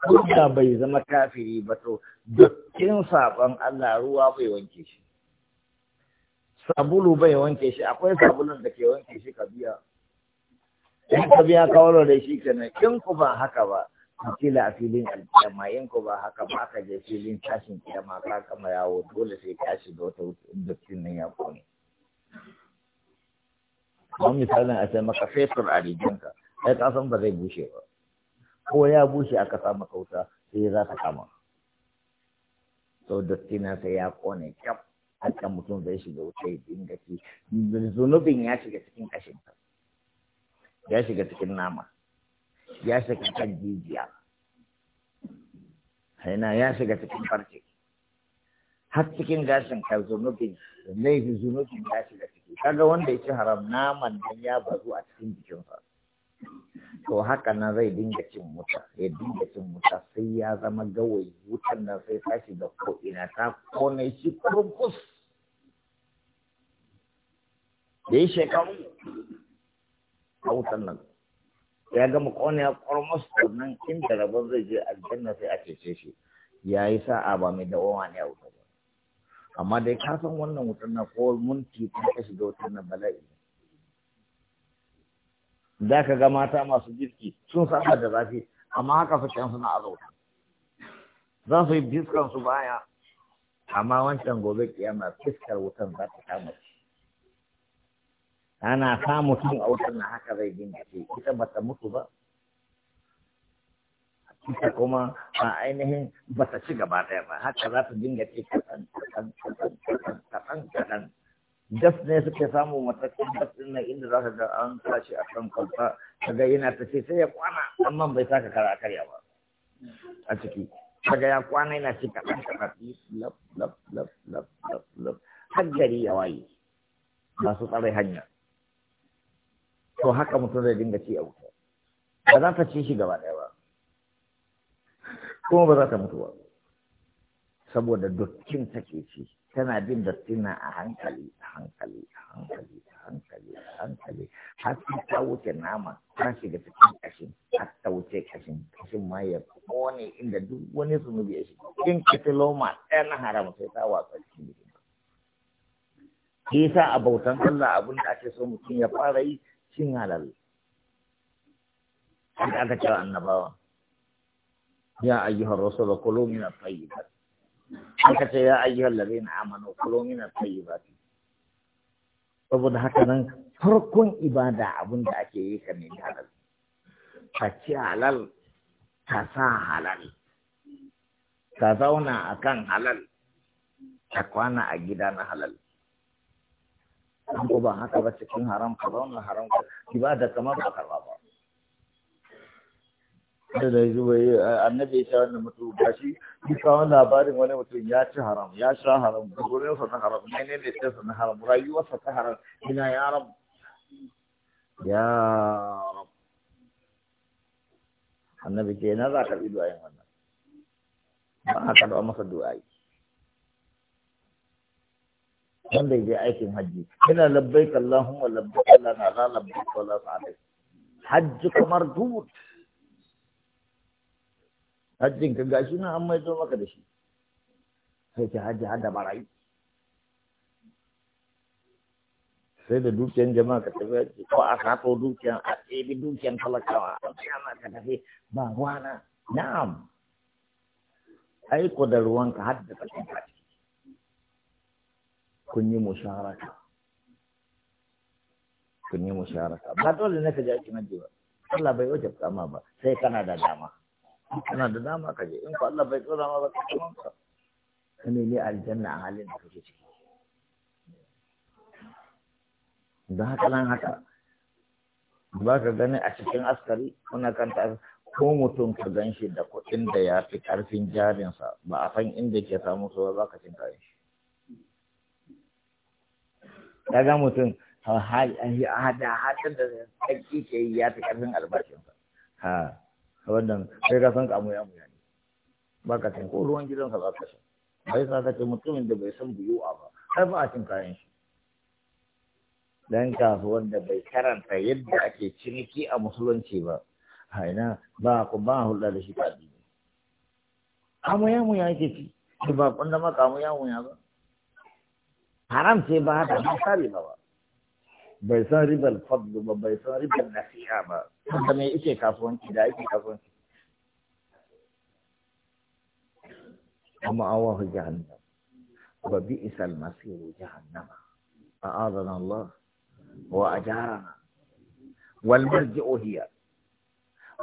ko bai zama kafiri ba to dukkin saƙon Allah ruwa bai wanke shi sabulu bai wanke shi akwai sabulun da ke wanke shi ka biya in ka biya kawo da shi kenan in ku ba haka ba kila a filin alkiyama yin ko ba haka ba ka je filin tashin kiyama ka kama yawo dole sai ka da wata dukkin nan ya kone kuma misalin a sai maka fetur a rijinka, sai ka san ba zai bushe ba ko ya bushe aka sa maka wuta sai za ta kama sau datti nan sai ya kone kyau haka mutum zai shiga wuta ya dinga ci zunubin ya shiga cikin kashinka ya shiga cikin nama ya shiga kan jijiya haina ya shiga cikin farce har cikin gashin ka zunubin laifin zunubin ya shiga ciki kaga wanda ya ci haram naman nan ya bazu a cikin sa to haka na zai dinga cin muta ya dinga cin muta sai ya zama gawayi wutan nan sai da shiga ko'ina ta kone shi kurkus da ya shekaru a wutan nan ya gama kone ya kormos nan inda rabon zai je aljanna sai a cece shi ya yi sa'a ba mai dawowa ne a wuta ba amma dai ka san wannan wutar na ko munti ta ka shiga wutar na bala'i za ka ga mata masu girki sun sa'a da zafi amma haka fi can suna azauta za su yi baya amma wancan gobe kiyama fiskar wutan za ta kama ana sa mutum a wutar na haka zai gingace ita bata mutu ba ita kuma a ainihin bata ci gaba ɗaya ba haka za su gingace kaɗan kaɗan kaɗan kaɗan kaɗan daf ne suke samu matakin daf ɗin nan inda za ka ga an tashi a kan kwanta kaga yana tafi sai ya kwana amma bai saka kara karya ba a ciki kaga ya kwana yana ci kaɗan kaɗan lab lab lab lab lab lab har gari ya waye masu tsare hanya to haka mutum zai dinga ci a wuta ba za ta ci shi gaba ɗaya ba kuma ba za ta mutu ba saboda dottin ke ci tana jin dottin na a hankali a hankali a hankali a hankali a hankali har sai ta wuce nama ta shiga cikin kashin har ta wuce kashin kashin ma ya kone inda duk wani zunubi ya shiga in katiloma ɗaya na haram sai ta watsa cikin jikin shi sa a bautan Allah abin da ake so mutum ya fara yi cin halal da aka cewa annabawa ya ayyuhar rasu da min fayi ba aka ce ya ayyuhar ladina amanu kulu min at-tayyibat saboda haka nan farkon ibada abin da ake yi ka nemi halal ka ci halal ka sa halal ka zauna a kan halal ka kwana a gida na halal an ko ba haka ba cikin haram ka zauna haram ka da kamar ba karba ba da da zuwa eh, annabi ya wani mutum ba shi kawo labarin wani mutum ya ci haram ya sha haram gurin sa na haram ne ne ne sa na haram rayuwar sa ta haram ina ya rab ya rab annabi ke na za ka bi du'ayin wannan ba a karɓa masa du'ayi wanda ya je aikin hajji ina labbaik allahumma labbaik la na la labbaik wa la hajji kamar dut hajjin ka gashi na an maido da shi sai hajji hada sai da dukiyan jama'a ka tafi hajji ko a sato dukiyan a ɗebi dukiyan talakawa a tsayama ka tafi ba wana na'am aiko da ruwanka hadda ka tafi kun yi musharaka kun yi musharaka ba dole ne ka je aikin hajji ba Allah bai wajen kama ba sai kana da dama kana da dama ka je in ko Allah bai tsora ma ba ka kuma ka ka ne aljanna a halin da kake ciki don haka nan haka ba ka gani a cikin askari kuna ta ko mutum ka gan shi da kuɗin da ya fi ƙarfin jarinsa ba a san inda ke samu so ba ka cin kayan shi kaga mutum hada hada da tsaki ke yi ya fi karfin albashinsa ha wannan sai ka san kamu ya muya ne ba ka san ko ruwan ka za ka san bai sa ka ce mutumin da bai san a ba har ba a cin kayan shi dan kasuwan da bai karanta yadda ake ciniki a musulunci ba haina ba ku ba hulɗa da shi ta addini kamu ya muya yake ci ba kun da kamu ya muya ba حرام سي با دا ساري با باي ساري با باي ساري با حتى ما يكي كافون كي دا كافون كي وما آواه جهنم وبئس المصير جهنم أعاذنا الله وأجارنا والمرجع هي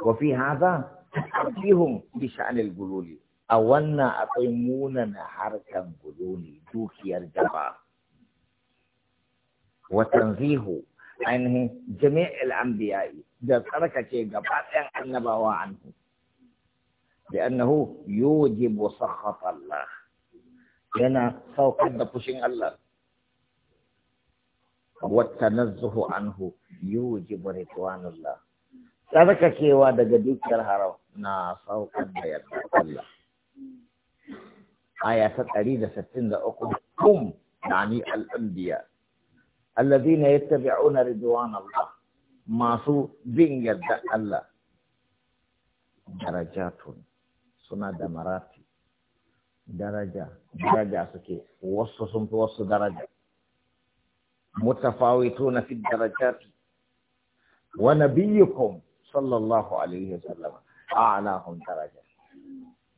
وفي هذا فيهم بشأن الجلول أولنا أطيموننا حركا جلولي دوكي الجبار وتنزيه عنه جميع الأنبياء ده تركة جبات النبا عنه لأنه يوجب سخط الله لنا فوق الدبوشين الله والتنزه عنه يوجب رضوان الله تركة كيوا ده جديد كالهرو نا فوق الله آية 163 هم يعني الأنبياء الذين يتبعون رضوان الله masu bin yadda Allah darajatun suna da marati daraja daraja suke wasu sun fi wasu daraja mutafawituna fi darajati wa nabiyyukum sallallahu alaihi wasallam a'lahum daraja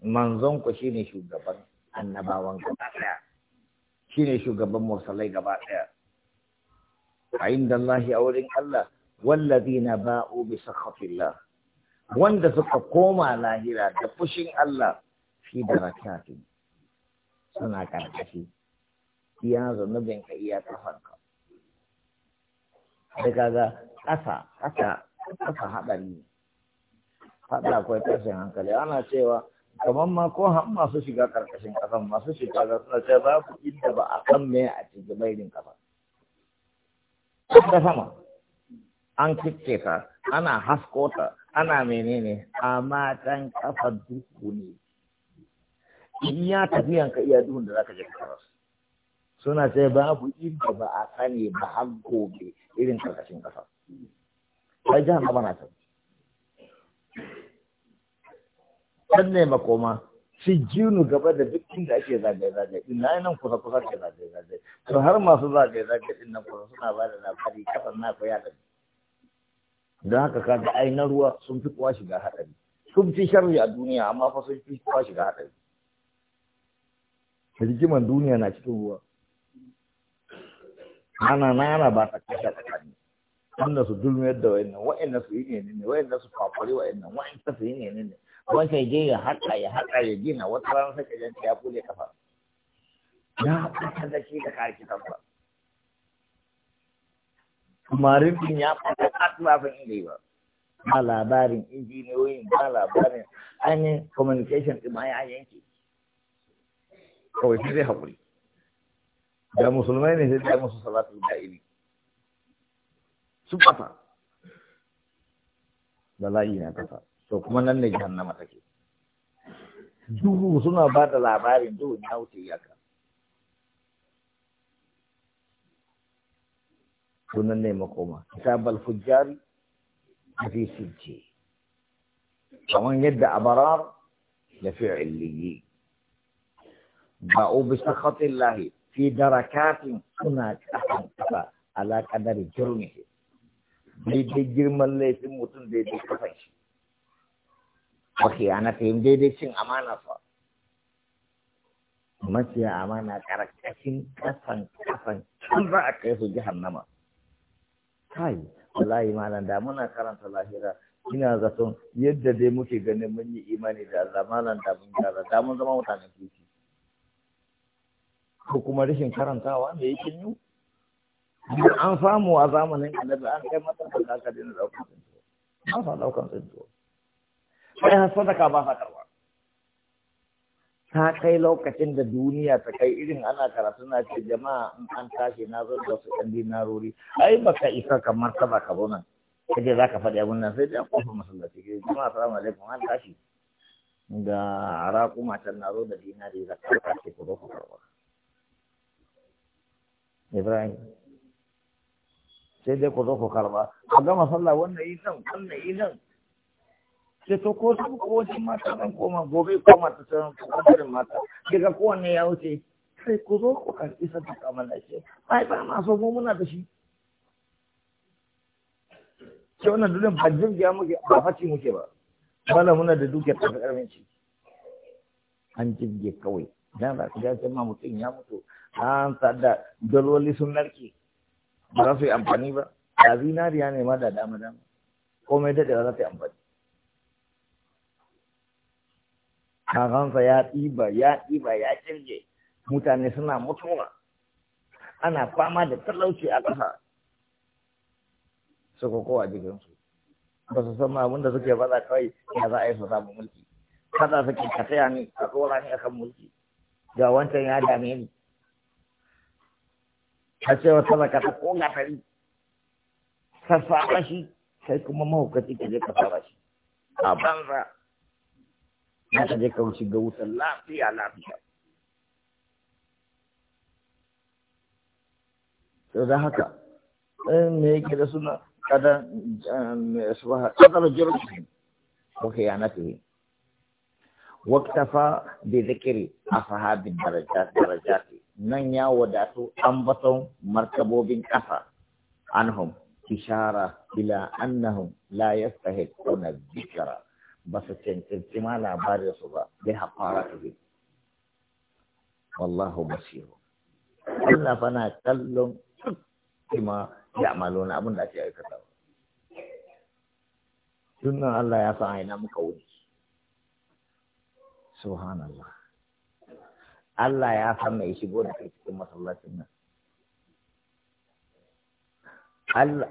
manzon ku shine shugaban annabawan gaba daya shine shugaban mursalai gaba daya a wurin Allah الله na باءوا بسخط الله wanda suka koma lahira da fushin Allah fi darakatin suna karkashi iya zunubin ka iya kafanka da kaga ƙasa ƙasa ƙasa haɗari haɗa akwai tashin hankali ana cewa kamar ma ko har masu shiga ƙarƙashin ƙasan masu shiga da suna ce babu inda ba a kan me a cikin bairin ƙasa ta sama an kicce ta ana hasko ta ana menene amma matan kafa duku ne in ya tafiyan yanka iya duhun da zaka je ka rasu suna sai babu inda ba a sani ba har gobe irin karkashin kasa sai jihar na bana ta sanne makoma Sai jinu gaba da duk inda ake zagaye-zagaye din na nan kusa kusa ke zagaye-zagaye to har masu zagaye-zagaye din nan kusa suna ba da labari kasar na ko yaɗa don haka kaga ai na ruwa sun fi kowa shiga haɗari sun fi sharri a duniya amma fa sun fi kowa shiga haɗari rigiman duniya na cikin ruwa ana nana ba ta kashe tsakani wannan su dulmiyar da wa'annan wa'annan su yi ne ne wa'annan su fafari wa'annan wa'annan su yi ne ne sai je ya haƙa ya haƙa ya gina wata rana sai ka ya kule kafa na fitar da shi da kaki kafa kuma rufin ya fata fa inda yi ba ba labarin injiniyoyin ba labarin ainihin communication ɗin ma ya yanke kawai shi zai haƙuri da musulmai ne sai ta musu salatu da'ili su kafa bala'i na kafa to kuma nan ne jahannama take duhu suna ba da labarin duhu ya wuce iyaka sunan ne makoma kitabal fujjar a fi sirce kamar yadda abarar da fi illiyi ba'u bi sakhatin lahi fi darakatin suna kasan kasa ala kadari jirmi daidai girman laifin mutum daidai kasan shi ana khiyanatihim daidai cin amana fa maciya amana karkashin kasan kasan can za a kai su jahannama kai wallahi malam da muna karanta lahira ina zaton yadda dai muke ganin mun yi imani da Allah malam da mun gara da mun zama mutanen kirki ko kuma rashin karantawa me yake yi an samu a zamanin annabi an kai matakan da aka da daukan tsintuwa an sa daukan tsintuwa sai har sadaka ba ka karwa ta kai lokacin da duniya ta kai irin ana karatu na ce jama'a in an tashi na zo da su dinarori ai baka isa kamar martaba ka zo nan kaje za ka faɗi abun nan sai dai a kofar masallaci ke eh, jama'a salamu alaikum an tashi da araku matan na zo da dinari za ka tashi ku zo ku karɓa Ibrahim sai dai ku zo ku karɓa a gama sallah wannan yi nan wannan yi nan sai to ko su ko wajen mata zan koma gobe koma ta san kamarin mata daga kowanne ya wuce sai ku zo ku karɓi sadaka mana ce ai ba ma so mu muna da shi ke wannan dole ba jirgiya muke ba faci muke ba bala muna da dukiyar tafi ƙarfin ci an jirge kawai dan ba ya sai ma mutum ya mutu an sada daloli sun narke ba za su yi amfani ba da zinariya ne ma da dama dama komai daɗewa za ta yi amfani kakansa ya ɗiba ya ɗiba ya ƙirge mutane suna mutuwa ana fama da talauci a ƙasa su koko a jikinsu ba su san abin da suke faɗa kawai ya za a yi su samu mulki kada suke ka taya ni a tsora ni akan mulki ga wancan ya dame ni a wata zaka ta ko gatari ka saba shi sai kuma mahaukaci ka je ka saba shi a banza za ka je ka wuce ga wutar lafiya lafiya to da haka ɗayan me yake da suna kada asbaha qadar jurmi wa khiyanatihi waktafa bi dhikri ashabi darajat darajat nan ya wadatu ambaton markabobin kafa anhum ishara ila annahum la yastahiquna dhikra ba su cancanci ma labarinsu ba bai haƙara ta biyu wallahu basiru Allah fa na kallon kima ya amalo na abin da ake aikata tunan Allah ya san aina muka wuni subhanallah Allah ya san mai shigo da kai cikin masallacin nan Allah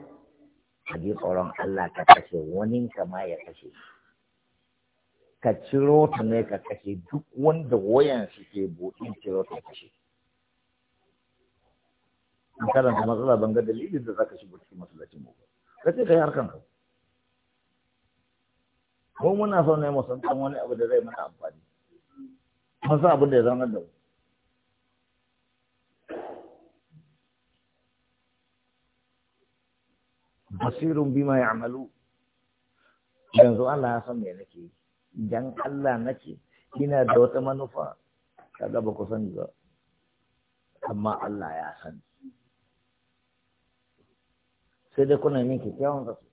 a ji tsoron Allah ka kashe wani kama ya kashe shi ka ciro ta ne ka kashe duk wanda wayan shi ke buɗi ciro ta kashe An karanta matsala ban ga dalilin da za ka shigo cikin masallacin mu ka ce ka yi harkan ka ko muna son ne mu san wani abu da zai mana amfani mun san abin da ya zama da mu basirun bima amalu yanzu Allah ya san me nake yi dan Allah nake ina da wata manufa kaga ba ku sani ba amma Allah ya sani sai dai kuna min kyakkyawan zato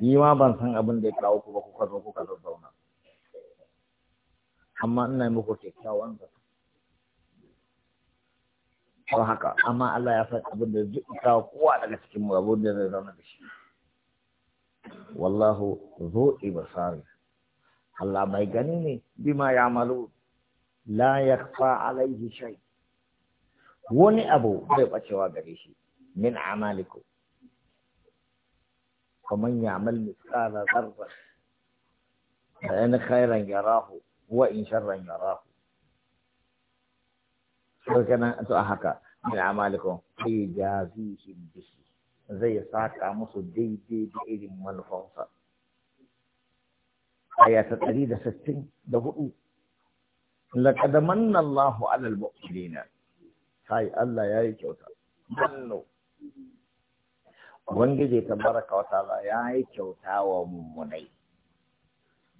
yi ma ban san abin da ya kawo ku ba kuka ku kuka zauna amma ina muku kyakkyawan zato ko haka amma Allah ya san abin da duk kawo kowa daga cikin mu abin da zai zauna da shi wallahu zo ibasari Allah mai gani ne bima ya malu la yakfa alaihi shay wani abu bai bacewa gare shi min amaliku kaman ya'mal mithqala dharra fa in khairan yarahu wa in sharran yarahu to kana to haka min amalikum fi jazihim bihi zai saka musu daidai da irin manufansa aya ta ɗari da sittin da hudu laƙada manna Allahu alal mu'minina kai Allah ya yi kyauta manno Ubangiji ta baraka wa ta'ala ya yi kyauta wa mummunai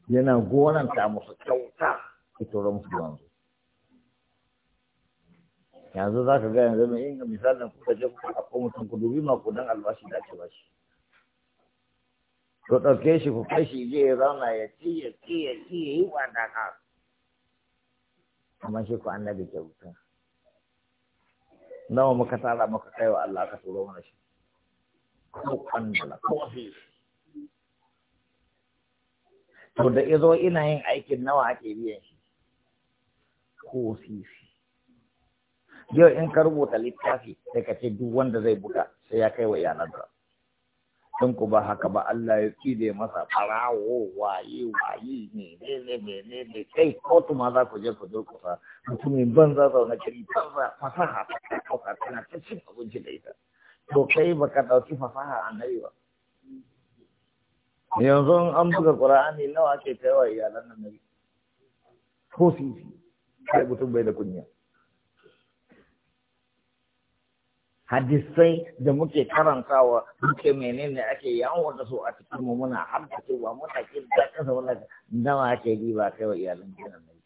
yana ta musu kyauta ita musu yanzu yanzu za ka ga yanzu mai inga misalin kuka je kuka ɗauko mutum ku dubi makudan albashi da ake bashi Ka ɗauke shi ku kashi shi je ya zauna ya ci ya ci ya ci ya yi wanda ka amma shi ku annabi kyauta nawa muka tara muka kai wa Allah ka turo mana shi ko kwandala ko to da izo ina yin aikin nawa ake biyan shi ko fifi yau in ka rubuta littafi sai ka ce duk wanda zai buga sai ya kai wa iyalansa in ku ba haka ba Allah ya tsire masa farawo waye waye ne ne ne ne ne ne kai to ma za ku je ku durkusa mutumin banza zaune kiri banza fasaha ta ka tana ta cin abinci da ita to kai baka dauki fasaha annabi ba yanzu an buga qur'ani nawa ake kaiwa iyalan ne ko sisi kai mutum bai da kunya hadisai da muke karantawa muke menene ake yawon da su a cikin mu muna hamsa cewa muna kirga kasa wannan nawa ake yi ba kai wa iyalan gina mai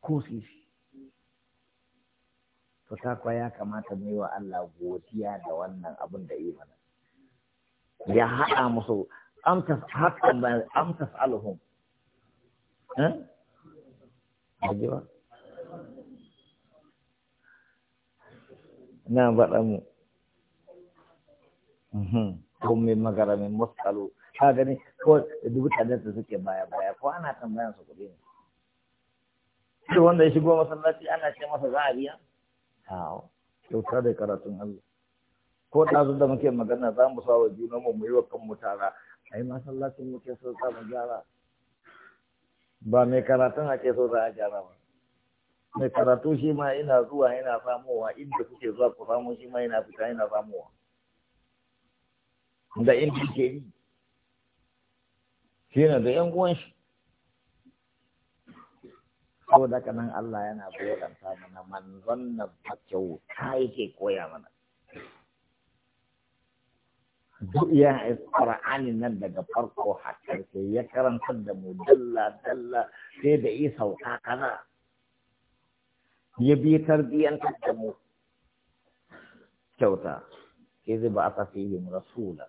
ko sisi to ta kwa ya kamata mu yi wa Allah godiya da wannan abin da yi mana ya haɗa musu amtas hakan ba alhum eh na faɗa mu mhm. ko mai magara mai matsalo ka gani ko dubu mutanen da suke baya baya ko ana tambayan su kuɗi ne shi wanda ya shigo masallaci ana ce masa za a biya hawo kyauta da karatun Allah ko ɗazu da muke magana za mu sa wa juna mu mu yi wa kanmu tara a yi masallacin muke so za mu gyara ba mai karatun ake so za a gyara ba mai karatu shi ma ina zuwa yana samowa inda kuke zuwa ku samu shi ma yana fita yana samowa da inda yake yi shi da yan uwan shi ko da kanan Allah yana koyaranta mana manzon na bakyau ta yake koya mana duk ya Qur'ani nan daga farko har ya karanta da mu dalla dalla sai da isa kaza ya bi tarbiyyantar da mu kyauta ke ba aka fihim rasula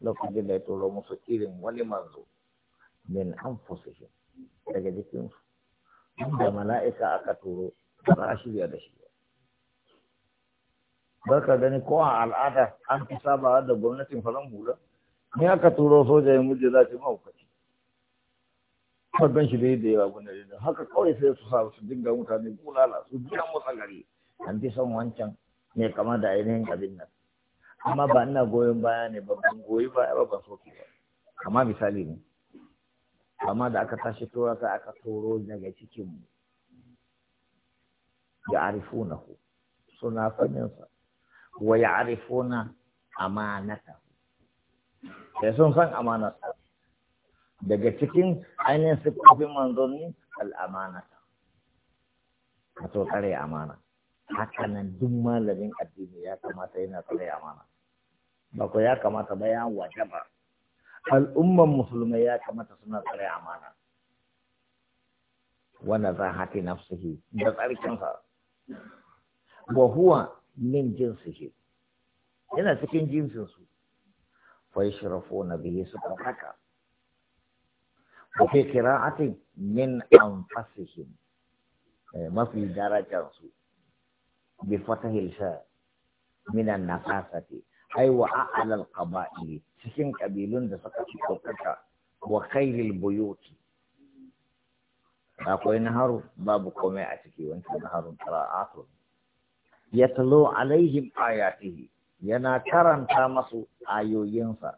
lokacin da ya turo musu irin wani manzo min anfusihim daga jikinsu da mala'ika aka turo ba a shirya da shi barka gani ko a al'ada an fi sabawa da gwamnatin faran hula ni aka turo soja ya muje za ce mahaukaci kuma gan shi dai da yawa gudanar da haka kawai sai su sa su dinga mutane bulala su biya motsa gari an fi son wancan ne kama da ainihin abin nan amma ba ina goyon baya ne babban ban goyi ya ba ban ki ba amma misali ne amma da aka tashi tura ka aka toro daga cikin mu ya ku suna sanin sa wa ya na amanata sai sun san amanata daga cikin ainihin siffofin manzanni al'amana wato tsare amana haka nan duk malamin addini ya kamata yana tsare amana ba ku ya kamata ba ya waje ba al'umman musulmai ya kamata suna tsare amana wanda za na suke da tsarkinsa ba huwa min ke, yana cikin jinsinsu fai shirafo na biyu su haka fi kira'atin min anfasihim eh, mafi darajar su bi fatahi sa min nafasati ay wa a'la al cikin kabilun da suka ci kokata wa khayr al-buyut akwai haru? babu komai a ciki wancan naharun qira'atu yatlu alaihim ayatihi yana karanta masu ayoyinsa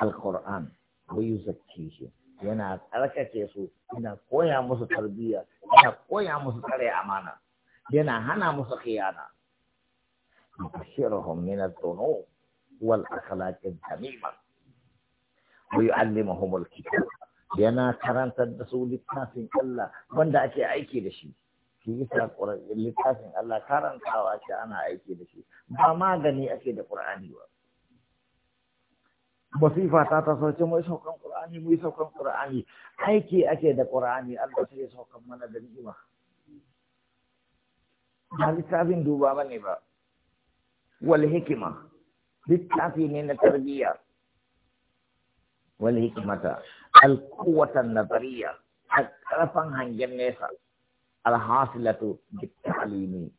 al-qur'an shi yana tsarkake su yana koya musu tarbiyya yana koya musu tsare amana yana hana musu khiyana yubashshiruhum min adh-dhunub wal akhlaq ad-damima wa yu'allimuhum al-kitab yana karantar da su littafin Allah wanda ake aiki da shi shi yasa littafin Allah karantawa ake ana aiki da shi ba magani ake da Qur'ani ba wasifa ta ta sauce mu saukan qur'ani mu saukan qur'ani aiki ake da ƙura'ani Allah sai ya saukan mana da ni'ima ba littafin duba bane ba wal hikima littafi ne na tarbiyya wal hikimata al quwwatan a karfan hangen nesa al hasilatu bit ta'limi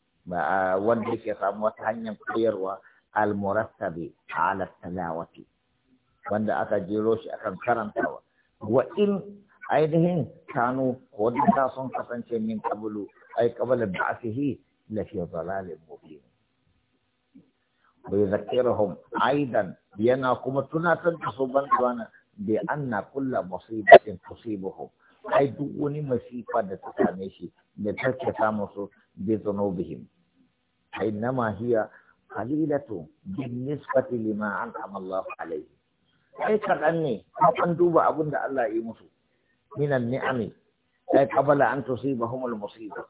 wanda ke samu wata hanyar koyarwa al murattabi ala talawati wanda aka jero shi akan karantawa wa in ainihin kanu wadda sun kasance min kabulu ai kabala ba'sihi la fi dhalalin mubin wa yadhkiruhum aidan yana kuma tunatar da su ban tuwana bi anna kullu musibatin tusibuhum ai duk wani masifa da ta same shi da take samu su bi zunubihim ai nama hiya qalilatu bin nisbati lima an'ama Allah alayhi kai kaɗan ne an duba abin da Allah yi musu minan ni'ami ai qabala an tusibahum al-musiba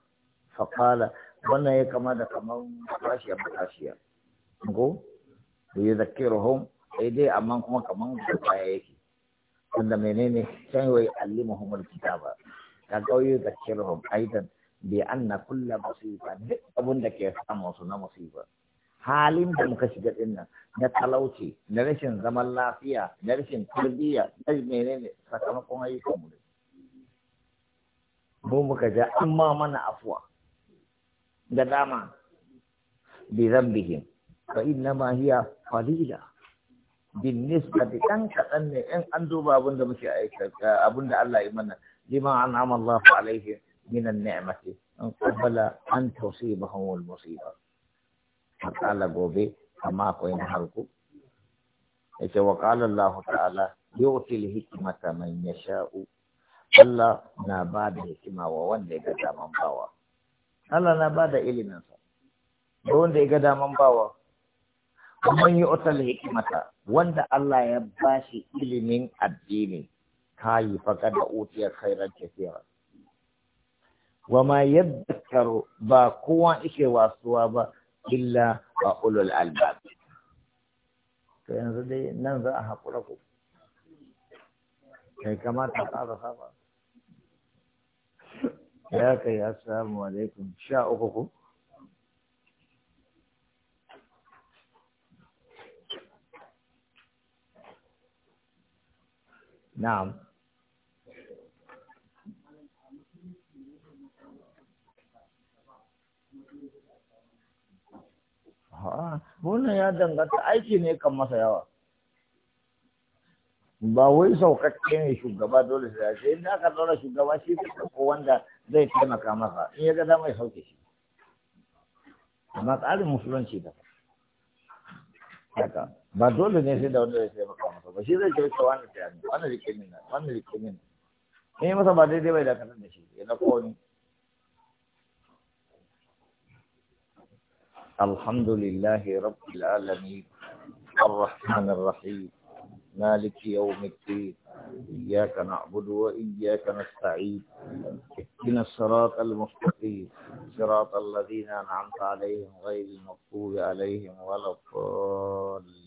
fa qala wannan ya kama da kaman matashiya matashiya ko yuzakkiruhum Ai dai amma kuma kaman baya yake wanda menene sai wai allimuhum al-kitaba ka kauye zakkiruhum aidan bi anna kulla musiba duk abin da ke samu su na musiba halin da muka shiga din nan na talauci na rashin zaman lafiya na rashin tarbiyya na menene sakamakon ayyukan mu mu muka ja amma mana afuwa da dama bi zambihim fa inna ma hiya qalila bin nisbati kan kadan ne in an duba abin da muke aikata abin da Allah ya mana lima an'ama Allah alaihi minan an-ni'mati an qabala an tusibahu al-musibah matsala gobe amma akwai na harku yake wa qala Allah ta'ala yu'til hikmata man yasha'u Allah na ba da hikima wa wanda ya ga daman bawa Allah na ba da ilimin sa da wanda ya ga daman bawa man yu'til hikmata wanda Allah ya bashi ilimin addini kayi faqad utiya khairan kathira wa ma yadhakkaru ba kowa yake wasuwa ba illa wa ulul albab to yanzu dai nan za a haƙura ku kai kamata a ƙara saba ya kai assalamu alaikum sha uku ku na'am a'a wannan ya danganta aiki ne kan masa yawa ba wai saukakke ne shugaba dole sai sai in aka dora shugaba shi ko wanda zai taimaka masa in ya ga dama ya sauke shi amma tsarin musulunci da ba dole ne sai da wanda zai taimaka masa ba shi zai ce wata wani tayani wani rike min wani rike min in yi masa ba daidai bai dakatar da shi ya na الحمد لله رب العالمين الرحمن الرحيم مالك يوم الدين إياك نعبد وإياك نستعين اهدنا الصراط المستقيم صراط الذين أنعمت عليهم غير المغضوب عليهم ولا الضالين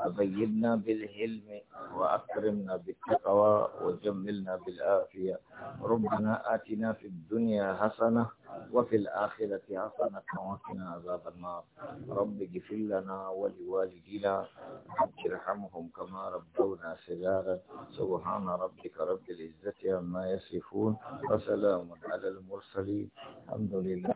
أبيدنا بالعلم وأكرمنا بالتقوى وجملنا بالآفية ربنا آتنا في الدنيا حسنة وفي الآخرة حسنة وقنا عذاب النار رب اغفر لنا ولوالدينا ارحمهم كما ربونا صغارا سبحان ربك رب العزة عما يصفون وسلام على المرسلين الحمد لله